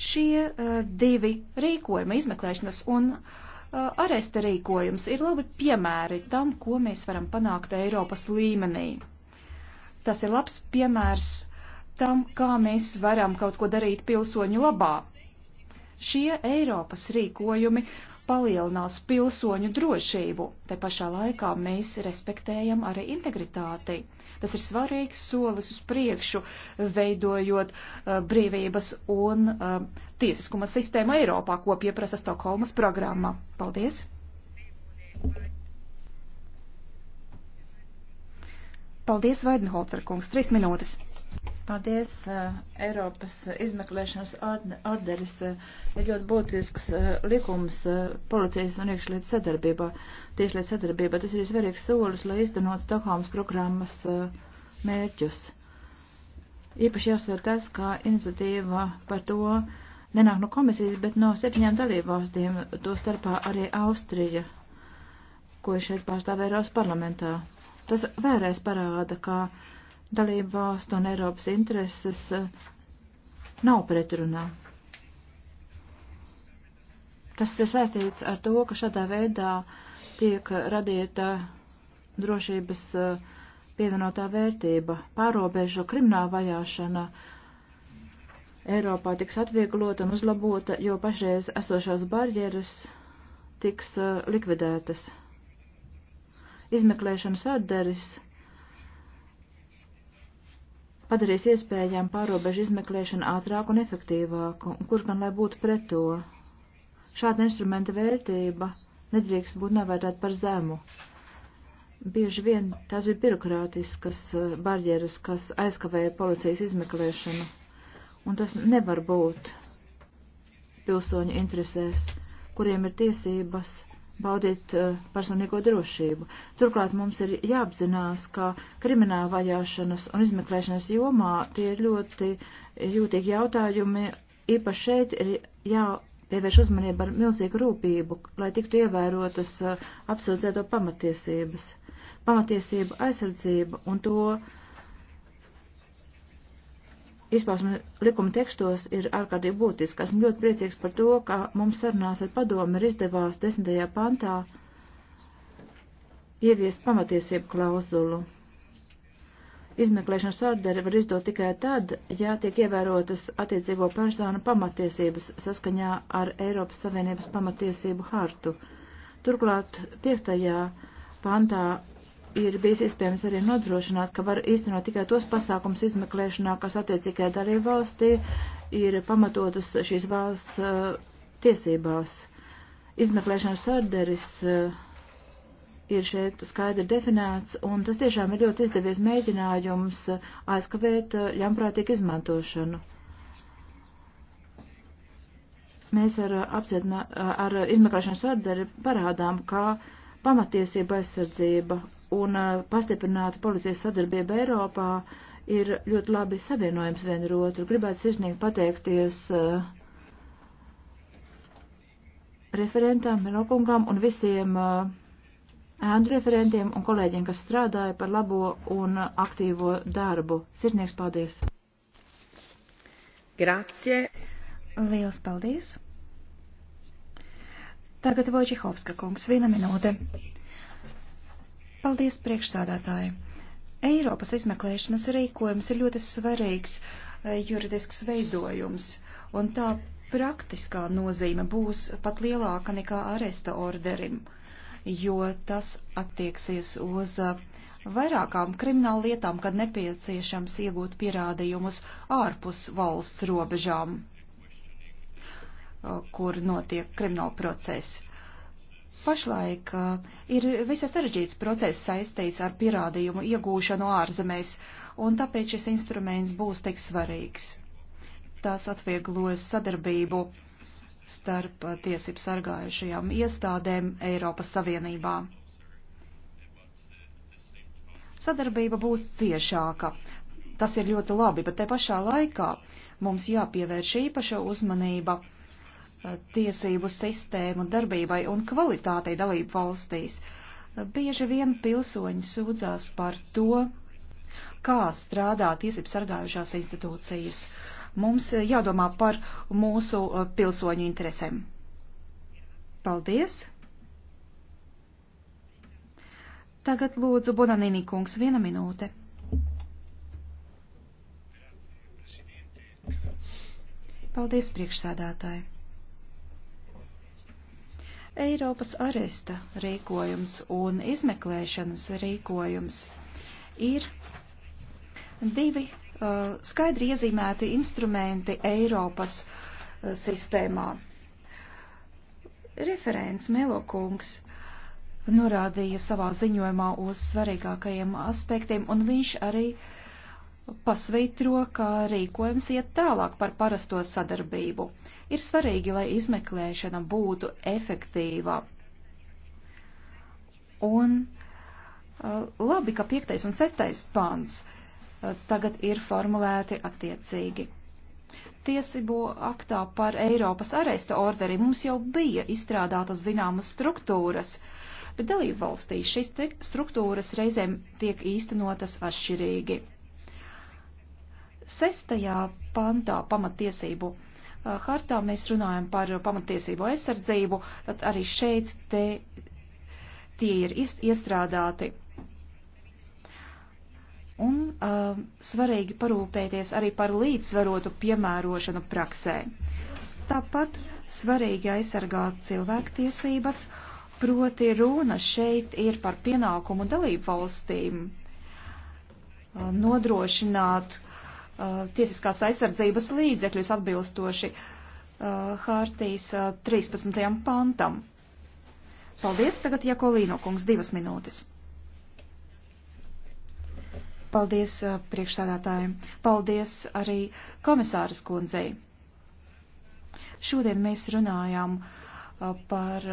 Šie uh, divi rīkojumi, izmeklēšanas un uh, Uh, aresta rīkojums ir labi piemēri tam, ko mēs varam panākt Eiropas līmenī. Tas ir labs piemērs tam, kā mēs varam kaut ko darīt pilsoņu labā. Šie Eiropas rīkojumi palielinās pilsoņu drošību, te pašā laikā mēs respektējam arī integritāti. Tas ir svarīgs solis uz priekšu, veidojot uh, brīvības un uh, tiesiskuma sistēmu Eiropā, ko pieprasa Stokholmas programma. Paldies! Paldies, Vaidenholcer kungs, trīs minūtes. Paldies. Eh, Eiropas izmeklēšanas orderis eh, ir ļoti būtisks eh, likums policijas un iekšlietu sadarbībā, tieslietu sadarbībā. Tas ir svarīgs solis, lai iztenot Stokholmas programmas mērķus. Īpaši jāsver tas, ka iniciatīva par to nenāk no komisijas, bet no septiņām dalībvalstīm, to starpā arī Austrija, ko šeit pārstāv Eiropas parlamentā. Tas vēlreiz parāda, ka dalību valstu un Eiropas intereses eh, nav pretrunā. Tas ir saistīts ar to, ka šādā veidā tiek radīta drošības eh, pievienotā vērtība, pārobežu krimināla vajāšana. Eiropā tiks atvieglota un uzlabota, jo pašreiz esošās barjeras tiks eh, likvidētas. Izmeklēšanas atderis padarīs iespējām pārobežu izmeklēšanu ātrāku un efektīvāku, un kurš gan lai būtu pret to. Šāda instrumenta vērtība nedrīkst būt novērtēta par zemu. Bieži vien tās bija birokrātiskas eh, barjeras, kas aizkavēja policijas izmeklēšanu, un tas nevar būt pilsoņu interesēs, kuriem ir tiesības baudīt eh, personīgo drošību. Turklāt mums ir jāapzinās, ka krimināla vajāšanas un izmeklēšanas jomā tie ir ļoti jūtīgi jautājumi. Īpaši šeit ir jāpievērš uzmanība ar milzīgu rūpību, lai tiktu ievērotas eh, apsūdzēto pamatiesības. Pamatiesība aizsardzība un to izpausme likuma tekstos ir ārkārtīgi būtiska. Esmu ļoti priecīgs par to, ka mums sarunās ar padomu ir izdevās desmitajā pantā ieviest pamatiesību klauzulu. Izmeklēšanas orderi var izdot tikai tad, ja tiek ievērotas attiecīgo personu pamatiesības saskaņā ar Eiropas Savienības pamatiesību hartu. Turklāt 5. pantā ir bijis iespējams arī nodrošināt, ka var īstenot tikai tos pasākums izmeklēšanā, kas attiecīgajā dalība valstī ir pamatotas šīs valsts uh, tiesībās. Izmeklēšanas orderis uh, ir šeit skaidri definēts, un tas tiešām ir ļoti izdevies mēģinājums eh, aizkavēt ļamprātīgu izmantošanu. Mēs ar, apsiednā, ar izmeklēšanas orderi parādām, kā pamatiesība aizsardzība un eh, pastiprināta policijas sadarbība Eiropā ir ļoti labi savienojums vien ar otru. Gribētu sirsnīgi pateikties uh, referentam, Melokungam un visiem uh, ēnu referentiem un kolēģiem, kas strādāja par labo un aktīvo darbu. Sirdnieks paldies! Grazie! Liels paldies! Tagad Vojčehovska kungs, viena minūte. Paldies, priekšsādātāji! Eiropas izmeklēšanas rīkojums ir ļoti svarīgs eh, juridisks veidojums, un tā praktiskā nozīme būs pat lielāka nekā aresta orderim, jo tas attieksies uz eh, vairākām krimināla lietām, kad nepieciešams iegūt pierādījumus ārpus valsts robežām, eh, kur notiek krimināla procesi. Pašlaik uh, ir visai sarežģīts process saistīts ar pierādījumu iegūšanu ārzemēs, un tāpēc šis instruments būs tik svarīgs. Tas atvieglos sadarbību starp tiesību sargājušajām iestādēm Eiropas Savienībā. Sadarbība būs ciešāka. Tas ir ļoti labi, bet te pašā laikā mums jāpievērš īpaša uzmanība Eh, tiesību sistēmu darbībai un kvalitātei dalību valstīs. Eh, bieži vien pilsoņi sūdzās par to, kā strādā tiesību sargājušās institūcijas. Mums eh, jādomā par mūsu pilsoņu interesēm. Paldies! Tagad lūdzu Bonanini kungs viena minūte. Paldies priekšsēdētāji! Eiropas aresta rīkojums un izmeklēšanas rīkojums ir divi uh, skaidri iezīmēti instrumenti Eiropas uh, sistēmā. Referents Melokungs norādīja savā ziņojumā uz svarīgākajiem aspektiem, un viņš arī uh, pasvītro, ka rīkojums iet tālāk par parasto sadarbību. Ir svarīgi, lai izmeklēšana būtu efektīva. Un uh, labi, ka piektais un sestais pāns uh, tagad ir formulēti attiecīgi. Tiesību aktā par Eiropas aresta orderi mums jau bija izstrādātas zināmas struktūras, bet dalību valstīs šīs struktūras reizēm tiek īstenotas atšķirīgi. Sestajā pantā pamatiesību uh, hartā mēs runājam par pamatiesību aizsardzību, tad arī šeit te, tie ir iestrādāti. Un uh, svarīgi parūpēties arī par līdzsvarotu piemērošanu praksē. Tāpat svarīgi aizsargāt cilvēktiesības, proti runa šeit ir par pienākumu dalību valstīm uh, nodrošināt Uh, tiesiskās aizsardzības līdzekļus atbilstoši uh, hārtijas 13. Uh, pantam. Paldies, tagad Jakolīno kungs, divas minūtes. Paldies priekšsādātājiem. Paldies arī komisāras kundzei. Šodien mēs runājām par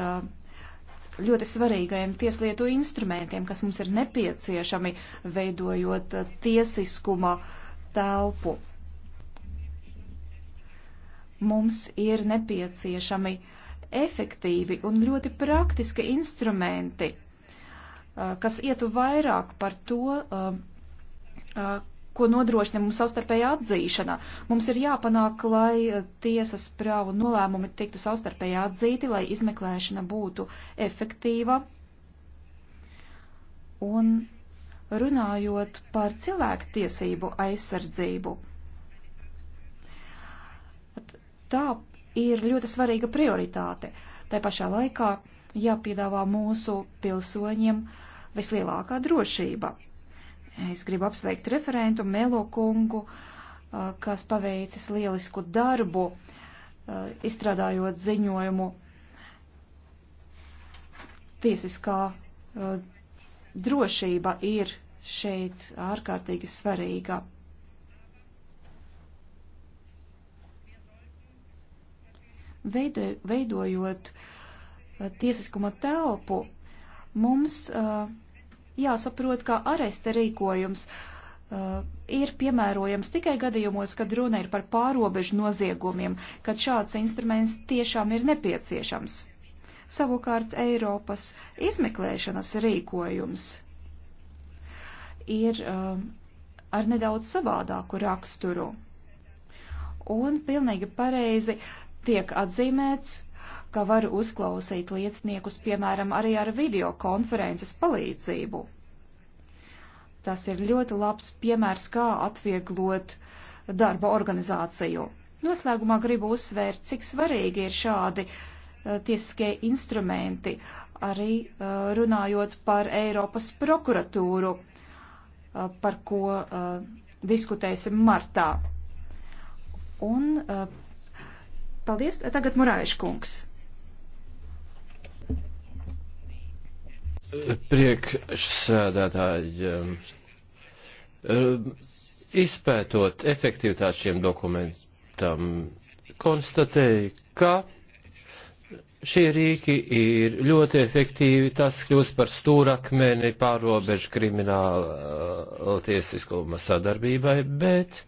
ļoti svarīgajiem tieslietu instrumentiem, kas mums ir nepieciešami, veidojot tiesiskuma uh, telpu. Mums ir nepieciešami efektīvi un ļoti praktiski instrumenti, kas ietu vairāk par to, ko nodrošina mums savstarpēja atzīšana. Mums ir jāpanāk, lai tiesas prāvu nolēmumi tiktu savstarpēji atzīti, lai izmeklēšana būtu efektīva. Un runājot par cilvēku tiesību aizsardzību. Tā ir ļoti svarīga prioritāte. Tā pašā laikā jāpiedāvā mūsu pilsoņiem vislielākā drošība. Es gribu apsveikt referentu Melo kungu, kas paveicis lielisku darbu, izstrādājot ziņojumu tiesiskā drošība ir šeit ārkārtīgi svarīga. Veido, veidojot uh, tiesiskuma telpu, mums uh, jāsaprot, ka aresta rīkojums uh, ir piemērojams tikai gadījumos, kad runa ir par pārobežu noziegumiem, kad šāds instruments tiešām ir nepieciešams. Savukārt Eiropas izmeklēšanas rīkojums ir um, ar nedaudz savādāku raksturu. Un pilnīgi pareizi tiek atzīmēts, ka var uzklausīt lieciniekus, piemēram, arī ar videokonferences palīdzību. Tas ir ļoti labs piemērs, kā atvieglot darba organizāciju. Noslēgumā gribu uzsvērt, cik svarīgi ir šādi uh, Eh, tiesiskie instrumenti, arī eh, runājot par Eiropas prokuratūru, eh, par ko diskutēsim martā. Un paldies, tagad Murāviškungs. Priekšsēdētāji, izpētot efektivitāti šiem dokumentam, konstatēju, ka Šie rīki ir ļoti efektīvi, tas kļūst par stūrakmeni pārobežu krimināla tiesiskuma sadarbībai, bet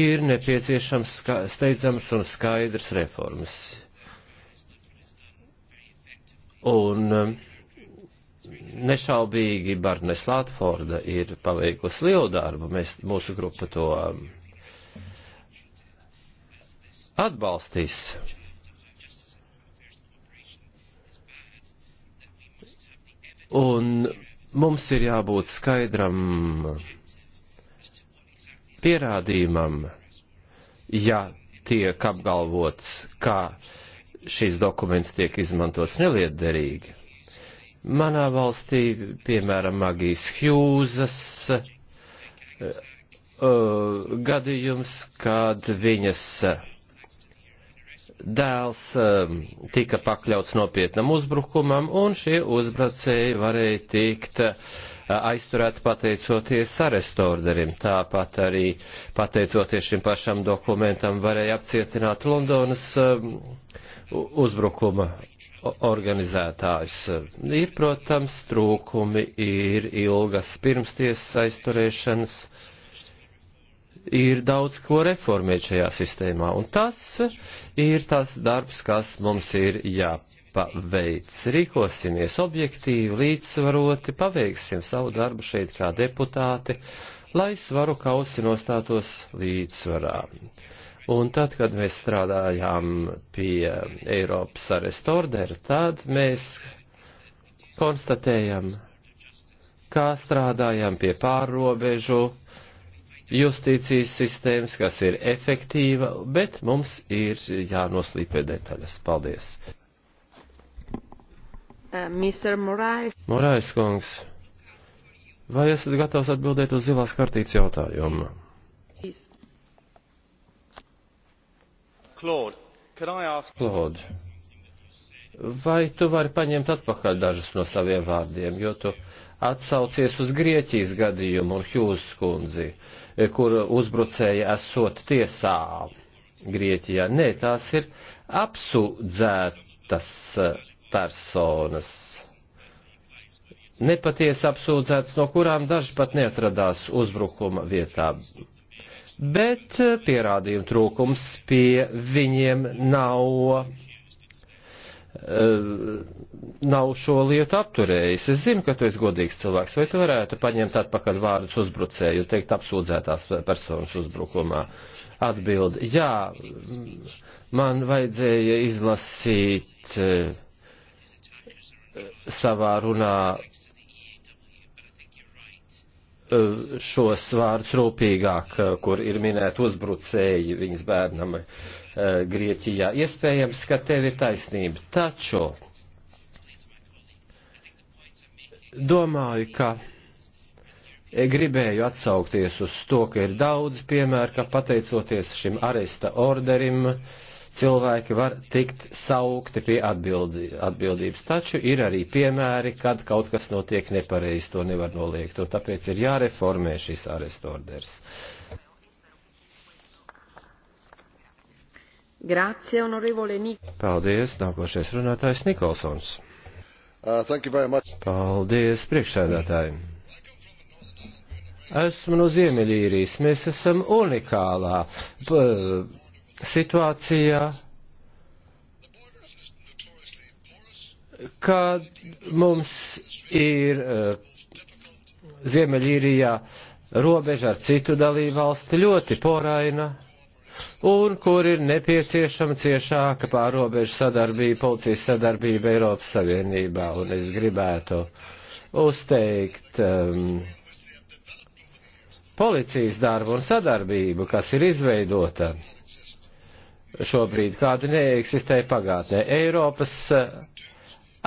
ir nepieciešams steidzams un skaidrs reformas. Un um, nešaubīgi Barnes Latforda ir paveikusi lielu darbu, mēs, mūsu grupa to um, atbalstīs Un mums ir jābūt skaidram pierādījumam, ja tiek apgalvots, ka šīs dokuments tiek izmantots nelietderīgi. Manā valstī, piemēram, Magijas Hjūzas uh, gadījums, kad viņas uh, dēls ehm, tika pakļauts nopietnam uzbrukumam, un šie uzbrucēji varēja tikt eh, aizturēti pateicoties arestorderim. Tāpat arī pateicoties šim pašam dokumentam varēja apcietināt Londonas ehm, uzbrukuma organizētājus. Ir, protams, trūkumi, ir ilgas pirmstiesas aizturēšanas ir daudz ko reformēt šajā sistēmā, un tas ir tas darbs, kas mums ir jāpaveic. Rīkosimies objektīvi, līdzsvaroti, paveiksim savu darbu šeit kā deputāti, lai svaru kausi nostātos līdzsvarā. Un tad, kad mēs strādājām pie Eiropas arestu ordera, tad mēs konstatējam, kā strādājam pie pārrobežu justīcijas sistēmas, kas ir efektīva, bet mums ir jānoslīpē detaļas. Paldies! Uh, Mr. Morais. Morais kungs, vai esat gatavs atbildēt uz zilās kartītes jautājumu? Claude, ask... Claude, vai tu vari paņemt atpakaļ dažus no saviem vārdiem, jo tu atsaucies uz Grieķijas gadījumu un Hjūzes kundzi? Uh, kur uzbrucēja esot tiesā Grieķijā. Nē, tās ir apsūdzētas personas. Nepatiesi apsūdzēts, no kurām daži pat neatradās uzbrukuma vietā bet pierādījumu trūkums pie viņiem nav Eh, nav šo lietu apturējis. Es zinu, ka tu esi godīgs cilvēks. Vai tu varētu paņemt atpakaļ vārdus uzbrucēju un teikt apsūdzētās personas uzbrukumā? Atbildi. Jā, man vajadzēja izlasīt eh, savā runā eh, šos vārdus rūpīgāk, kur ir minēti uzbrucēji viņas bērnam Eh, Grieķijā. Iespējams, ka tev ir taisnība, taču domāju, ka gribēju atsaukties uz to, ka ir daudz piemēru, ka pateicoties šim aresta orderim, cilvēki var tikt saukti pie atbildzi, atbildības. Taču ir arī piemēri, kad kaut kas notiek nepareizi, to nevar noliegt, un tāpēc ir jāreformē šis aresta orders. Grācija, honorevole Nikola. Paldies, nākošais runātājs Nikolsons. Uh, Paldies, priekšsēdētāji. Esmu no Ziemeļīrijas. Mēs esam unikālā situācijā, kad mums ir uh, Ziemeļīrijā robeža ar citu dalību valsti ļoti poraina un kur ir nepieciešama ciešāka pārobežu sadarbība, policijas sadarbība Eiropas Savienībā. Un es gribētu uzteikt um, policijas darbu un sadarbību, kas ir izveidota šobrīd, kāda neeksistēja pagātnē. Eiropas uh,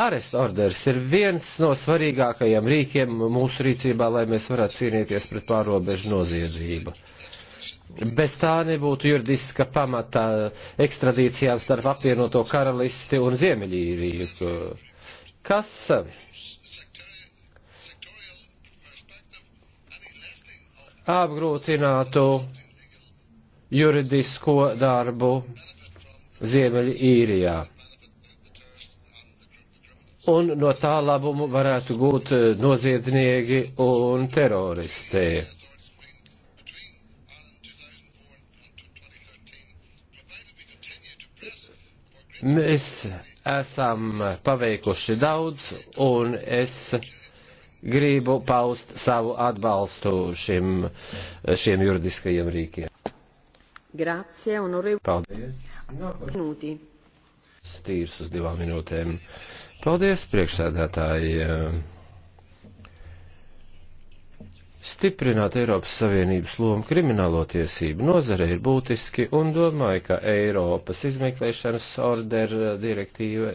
arestu orders ir viens no svarīgākajiem rīkiem mūsu rīcībā, lai mēs varētu cīnīties pret pārobežu noziedzību. Bez tā nebūtu juridiska pamata ekstradīcijām starp apvienoto karalisti un Ziemeļīriju. Kas eh, apgrūtinātu juridisko darbu Ziemeļīrijā? Un no tā labumu varētu gūt eh, noziedznieki un teroristēji Mēs esam paveikuši daudz, un es gribu paust savu atbalstu šim, šiem juridiskajiem rīkiem. Grazie, onorevoli. Paldies. Minūti. Stīrs uz divām minūtēm. Paldies, priekšsēdētāji. Stiprināt Eiropas Savienības lomu kriminālo tiesību nozare ir būtiski un domāju, ka Eiropas izmeklēšanas ordera eh, direktīva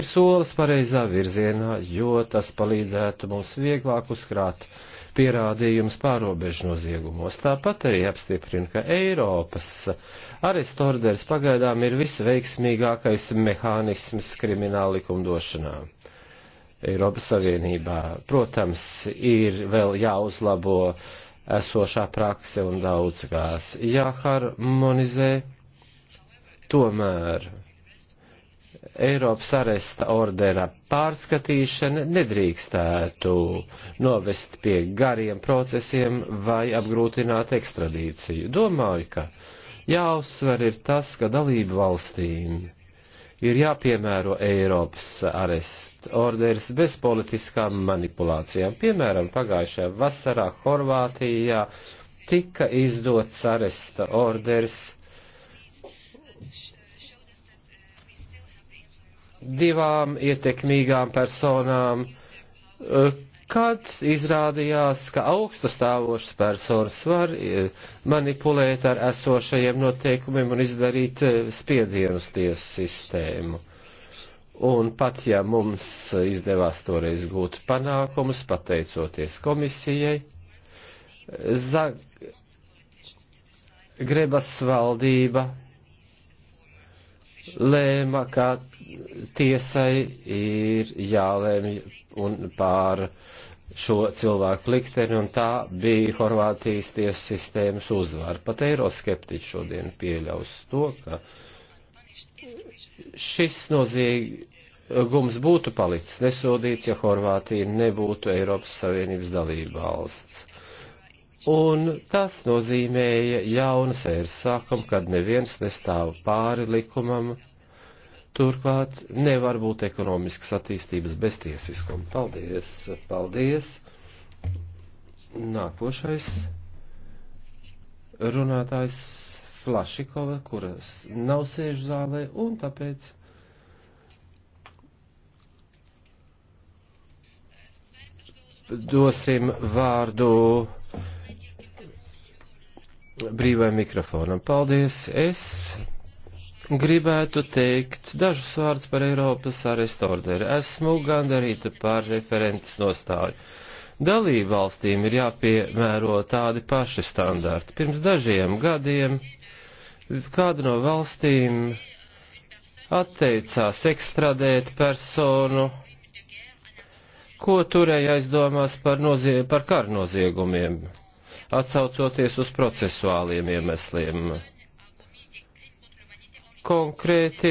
ir solis pareizā virzienā, jo tas palīdzētu mums vieglāk uzkrāt pierādījums pārobežu noziegumos. Tāpat arī apstiprina, ka Eiropas arestu orders pagaidām ir visveiksmīgākais mehānisms krimināla likumdošanā Eiropas Savienībā. Protams, ir vēl jāuzlabo esošā prakse un daudz gās jāharmonizē. Tomēr Eiropas aresta ordera pārskatīšana nedrīkstētu novest pie gariem procesiem vai apgrūtināt ekstradīciju. Domāju, ka jāuzsver ir tas, ka dalību valstīm ir jāpiemēro Eiropas arest orders bez politiskām manipulācijām. Piemēram, pagājušajā vasarā Horvātijā tika izdots aresta orders divām ietekmīgām personām, eh, kad izrādījās, ka augstu stāvošas personas var e, manipulēt ar esošajiem noteikumiem un izdarīt e, spiedienu uz tiesu sistēmu. Un pat ja mums izdevās toreiz gūt panākumus, pateicoties komisijai, Zagrebas valdība lēma, ka tiesai ir jālēmj un pār uh, šo cilvēku likteni, un tā bija Horvātijas tiesu sistēmas uzvara. Pat eiroskeptiķi šodien pieļaus to, ka šis noziegums būtu palicis nesodīts, ja Horvātija nebūtu Eiropas Savienības dalība valsts. Un tas nozīmēja jaunas ēras sākumu, kad neviens nestāv pāri likumam Turklāt nevar būt ekonomiskas attīstības bez tiesiskuma. Paldies! Paldies! Nākošais runātājs Flašikova, kuras nav sēžu zālē, un tāpēc dosim vārdu brīvai mikrofonam. Paldies! Es Gribētu teikt dažus vārdus par Eiropas arestu orderi. Esmu gandarīta par referents nostāju. Dalību valstīm ir jāpiemēro tādi paši standarti. Pirms dažiem gadiem kāda no valstīm atteicās ekstradēt personu, ko turēja aizdomās par, nozie par karnoziegumiem, atsaucoties uz procesuāliem iemesliem konkrēti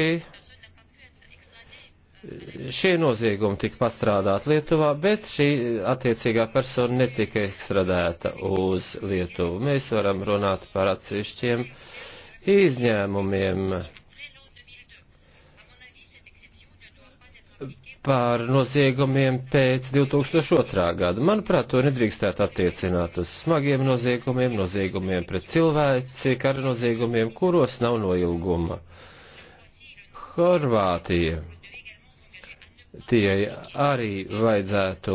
šie noziegumi tika pastrādāti Lietuvā, bet šī attiecīgā persona netika ekstradēta uz Lietuvu. Mēs varam runāt par atsevišķiem izņēmumiem par noziegumiem pēc 2002. gada. Manuprāt, to nedrīkstētu attiecināt uz smagiem noziegumiem, noziegumiem pret cilvēci, kara noziegumiem, kuros nav noilguma. Horvātija. Tie arī vajadzētu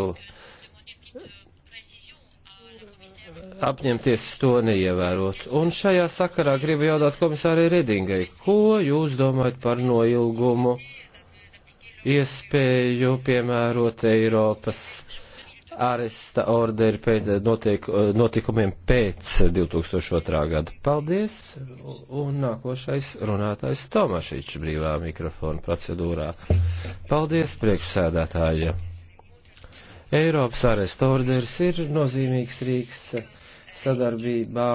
apņemties to neievērot. Un šajā sakarā gribu jautāt komisārai Redingai, ko jūs domājat par noilgumu iespēju piemērot Eiropas aresta orderi pēc notiek, notikumiem pēc 2002. gada. Paldies! Un nākošais runātājs Tomašiņš brīvā mikrofona procedūrā. Paldies, priekšsēdētāji! Eiropas aresta orders ir nozīmīgs rīks sadarbībā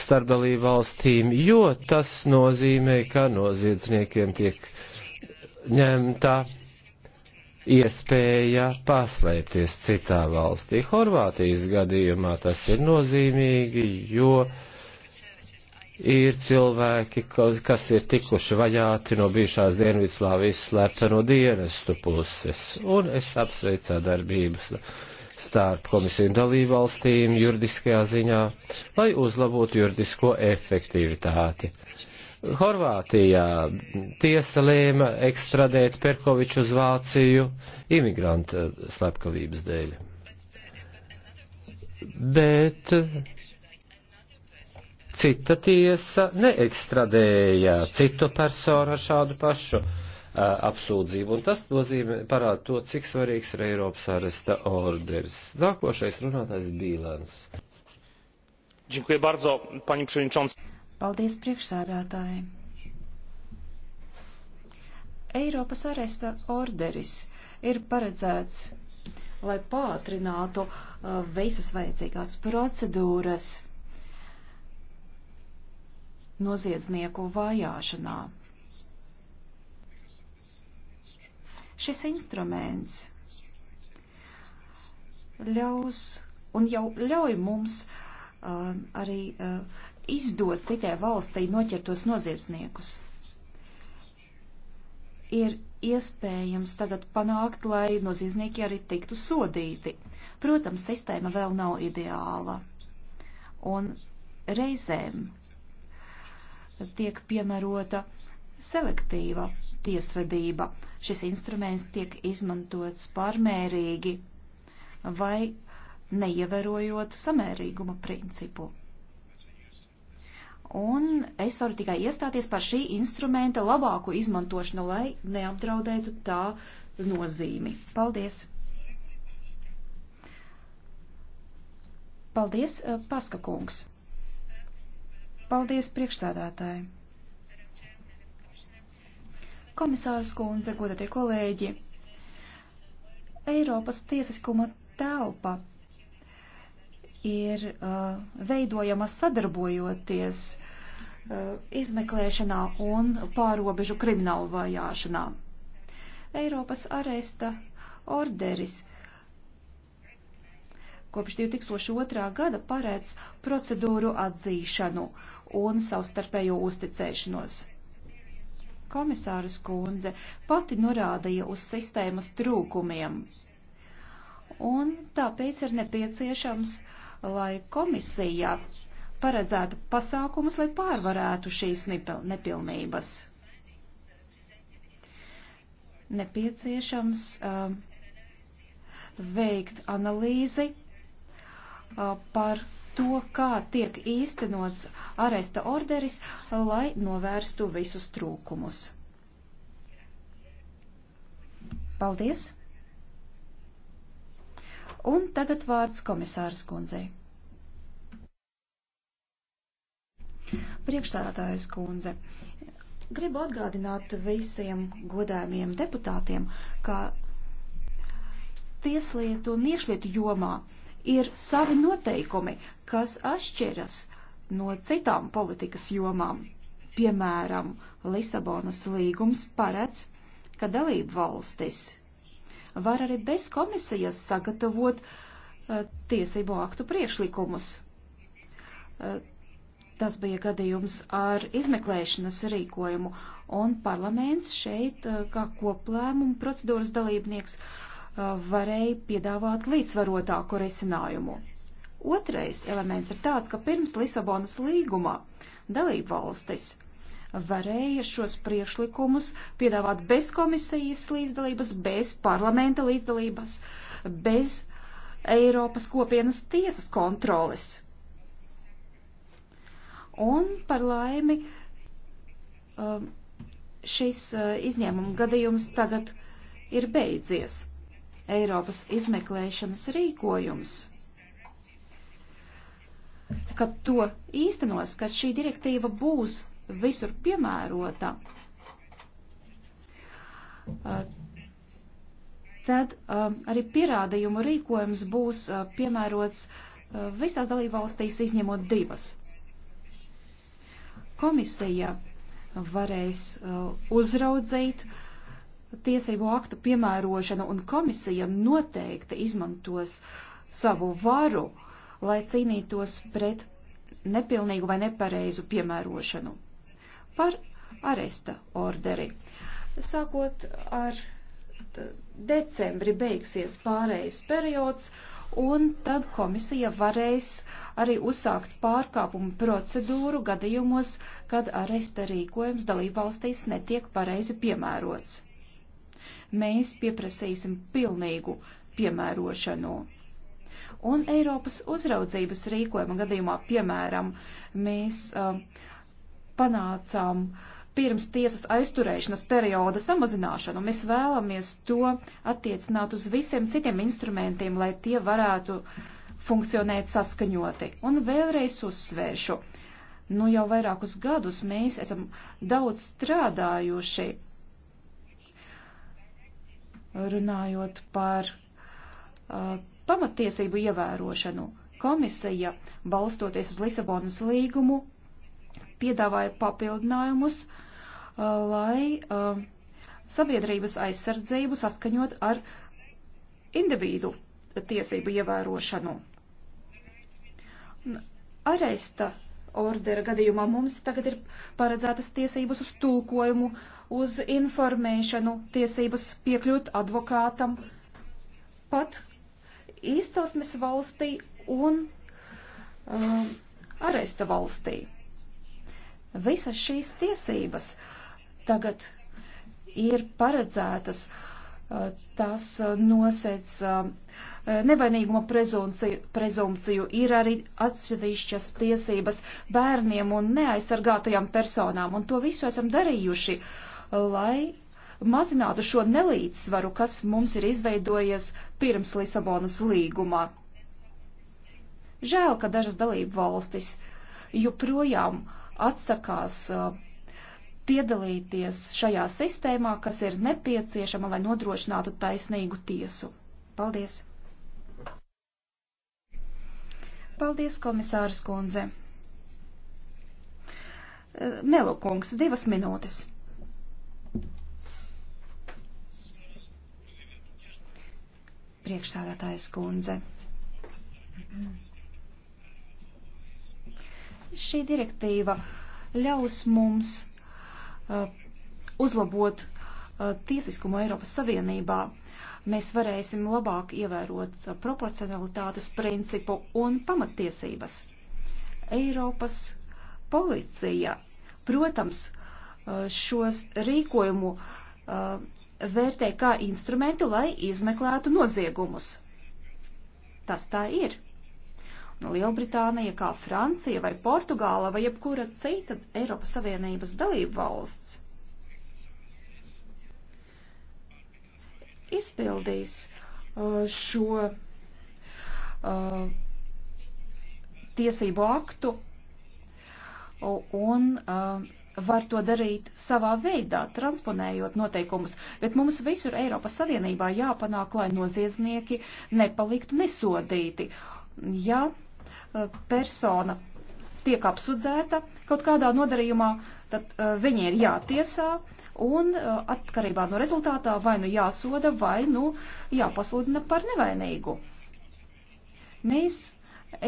starp dalību valstīm, jo tas nozīmē, ka noziedzniekiem tiek ņemta iespēja paslēpties citā valstī. Horvātijas gadījumā tas ir nozīmīgi, jo ir cilvēki, kas ir tikuši vajāti no bijušās Dienvidslāvijas slepeno dienestu puses. Un es apsveicu sadarbības starp komisiju dalībvalstīm juridiskajā ziņā, lai uzlabotu juridisko efektivitāti. Horvātijā tiesa lēma ekstradēt Perkoviču uz Vāciju imigranta slepkavības dēļ. Bet cita tiesa neekstradēja citu personu ar šādu pašu apsūdzību, un tas nozīmē parāda to, cik svarīgs ir Eiropas aresta orders. Nākošais runātājs Bīlans. Dziękuję bardzo, pani przewodnicząca. Paldies priekšsādātāji. Eiropas aresta orderis ir paredzēts, lai pātrinātu uh, visas vajadzīgās procedūras noziedznieku vajāšanā. Šis instruments ļaus un jau ļauj mums uh, arī uh, izdot citai valstī noķertos noziedzniekus. Ir iespējams tagad panākt, lai noziedznieki arī tiktu sodīti. Protams, sistēma vēl nav ideāla. Un reizēm tiek piemērota selektīva tiesvedība. Šis instruments tiek izmantots pārmērīgi vai neievērojot samērīguma principu un es varu tikai iestāties par šī instrumenta labāku izmantošanu, lai neapdraudētu tā nozīmi. Paldies! Paldies, eh, Paska kungs! Paldies, priekšsēdētāji! Komisārs kundze, godatie kolēģi! Eiropas tiesiskuma telpa ir uh, veidojama sadarbojoties uh, izmeklēšanā un pārobežu kriminālu vajāšanā. Eiropas aresta orderis kopš 2002. gada paredz procedūru atzīšanu un savstarpējo uzticēšanos. Komisāras kundze pati norādīja uz sistēmas trūkumiem, un tāpēc ir nepieciešams uh, lai komisija paredzētu pasākumus, lai pārvarētu šīs nepilnības. Nepieciešams uh, veikt analīzi uh, par to, kā tiek īstenots aresta orderis, lai novērstu visus trūkumus. Paldies! Un tagad vārds komisāras kundzei. Priekšsēdētājas kundze, gribu atgādināt visiem godājumiem deputātiem, ka tieslietu un iešlietu jomā ir savi noteikumi, kas atšķiras no citām politikas jomām. Piemēram, Lisabonas līgums paredz, ka dalību valstis var arī bez komisijas sagatavot uh, tiesību aktu priekšlikumus. Uh, eh, tas bija gadījums ar izmeklēšanas rīkojumu, un parlaments šeit, uh, kā koplēmumu procedūras dalībnieks, varēja piedāvāt līdzvarotāku risinājumu. Otrais elements ir tāds, ka pirms Lisabonas līguma dalību valstis varēja šos priekšlikumus piedāvāt bez komisijas līdzdalības, bez parlamenta līdzdalības, bez Eiropas kopienas tiesas kontroles. Un par laimi um, šis uh, izņēmuma gadījums tagad ir beidzies. Eiropas izmeklēšanas rīkojums ka to īstenos, ka šī direktīva būs visur piemērota, tad arī pierādījumu rīkojums būs piemērots visās dalībvalstīs izņemot divas. Komisija varēs uzraudzīt tiesību aktu piemērošanu, un komisija noteikti izmantos savu varu, lai cīnītos pret nepilnīgu vai nepareizu piemērošanu par aresta orderi. Sākot ar decembri beigsies pārējais periods, un tad komisija varēs arī uzsākt pārkāpumu procedūru gadījumos, kad aresta rīkojums dalībvalstīs netiek pareizi piemērots. Mēs pieprasīsim pilnīgu piemērošanu. Un Eiropas uzraudzības rīkojuma gadījumā, piemēram, mēs uh, panācām pirms tiesas aizturēšanas perioda samazināšanu. Mēs vēlamies to attiecināt uz visiem citiem instrumentiem, lai tie varētu funkcionēt saskaņoti. Un vēlreiz uzsvēršu. Nu jau vairākus gadus mēs esam daudz strādājuši, runājot par uh, pamatiesību ievērošanu. Komisija, balstoties uz Lisabonas līgumu, piedāvāja papildinājumus, uh, lai uh, sabiedrības aizsardzību saskaņot ar individu tiesību ievērošanu. Aresta ordera gadījumā mums tagad ir paredzētas tiesības uz tulkojumu, uz informēšanu, tiesības piekļūt advokātam, pat izcelsmes valstī un um, aresta valstī. Visas šīs tiesības tagad ir paredzētas, uh, tas uh, nosēc uh, nevainīguma prezumciju, prezumciju, ir arī atsevišķas tiesības bērniem un neaizsargātajām personām, un to visu esam darījuši, lai mazinātu šo nelīdzsvaru, kas mums ir izveidojies pirms Lisabonas līgumā. Žēl, ka dažas dalību valstis uh, joprojām atsakās eh, piedalīties šajā sistēmā, kas ir nepieciešama, lai nodrošinātu taisnīgu tiesu. Paldies! Paldies, komisāras kundze! Eh, Melukungs, divas minūtes. Priekšsādātājas kundze. Mm-hmm. Šī direktīva ļaus mums uh, uzlabot uh, tiesiskumu Eiropas Savienībā. Mēs varēsim labāk ievērot uh, proporcionalitātes principu un pamatiesības. Eiropas policija, protams, uh, šos rīkojumu uh, vērtē kā instrumentu, lai izmeklētu noziegumus. Tas tā ir. Lielbritānija, kā Francija vai Portugāla vai jebkura cita Eiropas Savienības dalība valsts izpildīs uh, šo uh, tiesību aktu uh, un var to darīt savā veidā, transponējot noteikumus, bet mums visur Eiropas Savienībā jāpanāk, lai noziedznieki nepaliktu nesodīti. Ja Eh, persona tiek apsudzēta kaut kādā nodarījumā, tad eh, viņi ir jātiesā un eh, atkarībā no rezultātā vai nu jāsoda, vai nu jāpasludina par nevainīgu. Mēs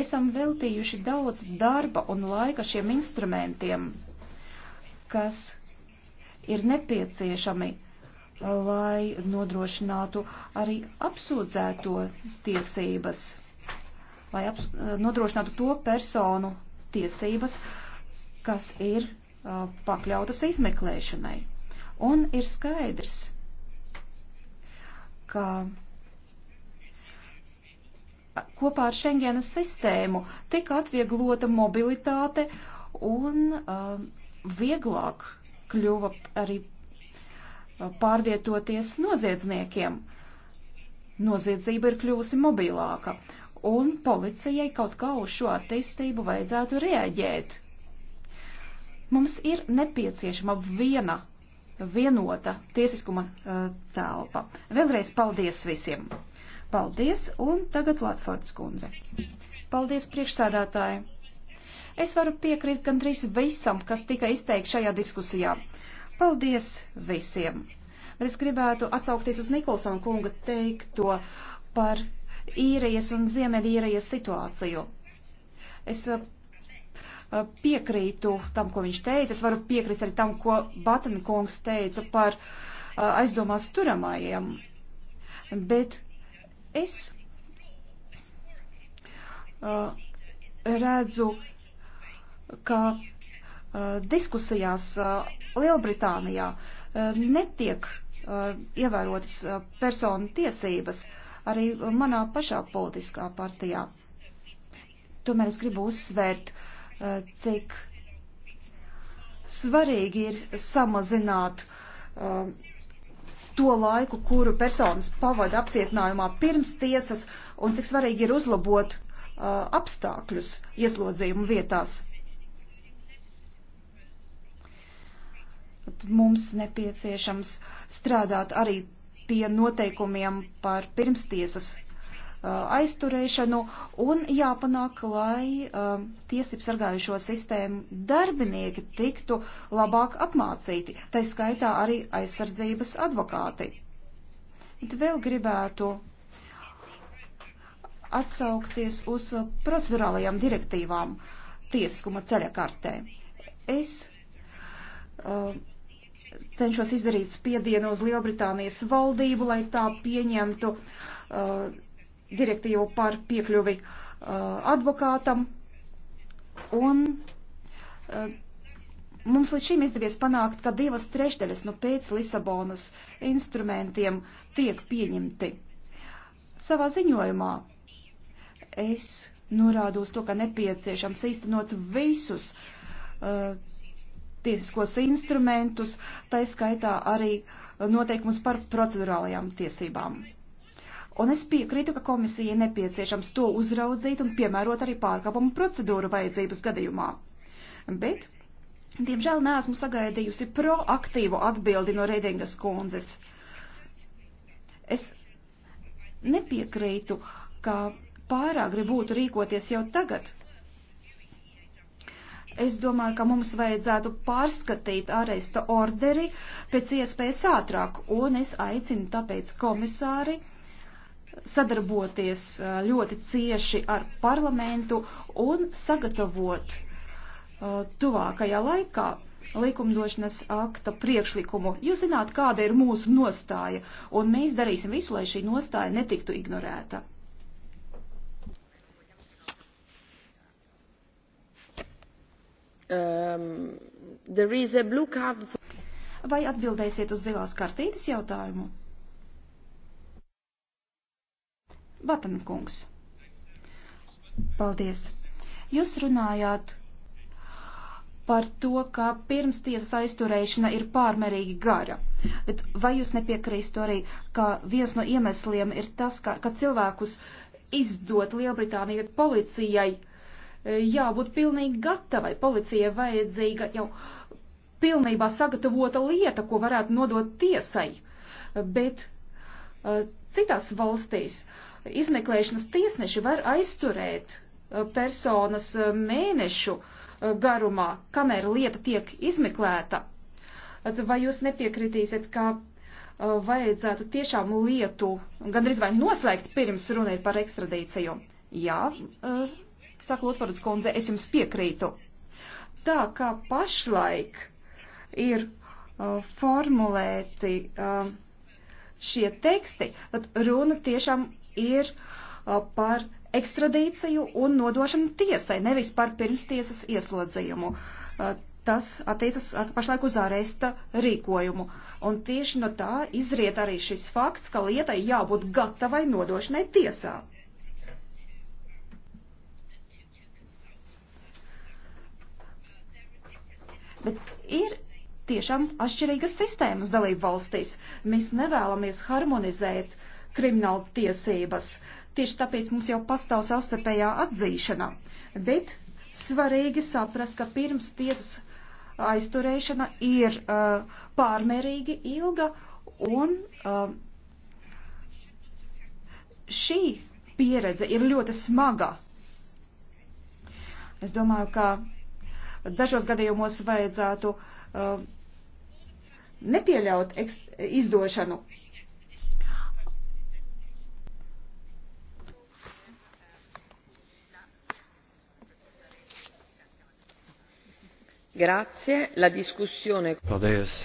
esam veltījuši daudz darba un laika šiem instrumentiem, kas ir nepieciešami, lai nodrošinātu arī apsūdzēto tiesības lai aps, eh, nodrošinātu to personu tiesības, kas ir uh, pakļautas izmeklēšanai. Un ir skaidrs, ka kopā ar Schengenas sistēmu tika atvieglota mobilitāte un uh, vieglāk kļuva arī pārvietoties noziedzniekiem. Noziedzība ir kļūsi mobilāka un policijai kaut kā uz šo attīstību vajadzētu reaģēt. Mums ir nepieciešama viena vienota tiesiskuma uh, telpa. Vēlreiz paldies visiem! Paldies, un tagad Latvārds kundze. Paldies, priekšsādātāji! Es varu piekrist gandrīz visam, kas tika izteikts šajā diskusijā. Paldies visiem! Bet es gribētu atsaukties uz Nikolsona kunga teikto par īrijas un ziemeļīrijas situāciju. Es uh, piekrītu tam, ko viņš teica. Es varu piekrist arī tam, ko Batenkungs teica par uh, aizdomās turamajiem. Bet es uh, redzu, ka diskusijās Lielbritānijā netiek ievērotas personu tiesības. Uh, arī manā pašā politiskā partijā. Tomēr es gribu uzsvērt, eh, cik svarīgi ir samazināt eh, to laiku, kuru personas pavada apcietinājumā pirms tiesas, un cik svarīgi ir uzlabot eh, apstākļus ieslodzījuma vietās. Mums nepieciešams strādāt arī pie noteikumiem par pirmstiesas uh, aizturēšanu un jāpanāk, lai uh, tiesību sargājušo sistēmu darbinieki tiktu labāk apmācīti, tai skaitā arī aizsardzības advokāti. Bet vēl gribētu atsaukties uz procedurālajām direktīvām tiesiskuma ceļa kartē. Es uh, cenšos izdarīt spiedienu uz Lielbritānijas valdību, lai tā pieņemtu uh, direktīvu par piekļuvi uh, advokātam. Un uh, mums līdz šim izdevies panākt, ka divas trešdaļas nu pēc Lisabonas instrumentiem tiek pieņemti. Savā ziņojumā es norādu uz to, ka nepieciešams īstenot visus uh, tiesiskos instrumentus, tai skaitā arī noteikums par procedurālajām tiesībām. Un es piekrītu, ka komisijai nepieciešams to uzraudzīt un piemērot arī pārkāpumu procedūru vajadzības gadījumā. Bet, diemžēl, neesmu sagaidījusi proaktīvu atbildi no Redingas kundzes. Es nepiekrītu, ka pārāk gribētu rīkoties jau tagad, Es domāju, ka mums vajadzētu pārskatīt aresta orderi pēc iespējas ātrāk, un es aicinu tāpēc komisāri sadarboties uh, ļoti cieši ar parlamentu un sagatavot uh, tuvākajā laikā likumdošanas akta priekšlikumu. Jūs zināt, kāda ir mūsu nostāja, un mēs darīsim visu, lai šī nostāja netiktu ignorēta. Um, for... Vai atbildēsiet uz zilās kartītes jautājumu? Vatana kungs. Paldies. Jūs runājāt par to, ka pirmstiesas aizturēšana ir pārmērīgi gara. Bet vai jūs nepiekrīstu arī, ka viens no iemesliem ir tas, ka, ka cilvēkus izdot Lielbritānijai policijai uh, Eh, jābūt pilnīgi gatavai. Policijai vajadzīga jau pilnībā sagatavota lieta, ko varētu nodot tiesai. Eh, bet eh, citās valstīs izmeklēšanas tiesneši var aizturēt personas mēnešu garumā, kamēr lieta tiek izmeklēta. Vai jūs nepiekritīsiet, ka vajadzētu tiešām lietu gandrīz vai noslēgt pirms runa ir par ekstradīciju? Jā, Saka Lutvards kundze, es jums piekrītu. Tā kā pašlaik ir uh, formulēti uh, šie teksti, tad runa tiešām ir uh, par ekstradīciju un nodošanu tiesai, nevis par pirmstiesas ieslodzījumu. Uh, tas attiecas uh, pašlaik uz aresta rīkojumu. Un tieši no tā izriet arī šis fakts, ka lietai jābūt gatavai nodošanai tiesā. Bet ir tiešām atšķirīgas sistēmas dalību valstīs. Mēs nevēlamies harmonizēt kriminālu tiesības. Tieši tāpēc mums jau pastāv savstarpējā atzīšana. Bet svarīgi saprast, ka pirms tiesas aizturēšana ir uh, pārmērīgi ilga un uh, šī pieredze ir ļoti smaga. Es domāju, ka Dažos gadījumos vajadzētu uh, nepieļaut izdošanu. Grazie, la diskusione. Paldies.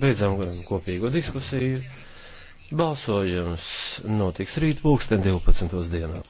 Beidzam kopīgo diskusiju. Balsojums notiks rīt pulksten 12. dienā.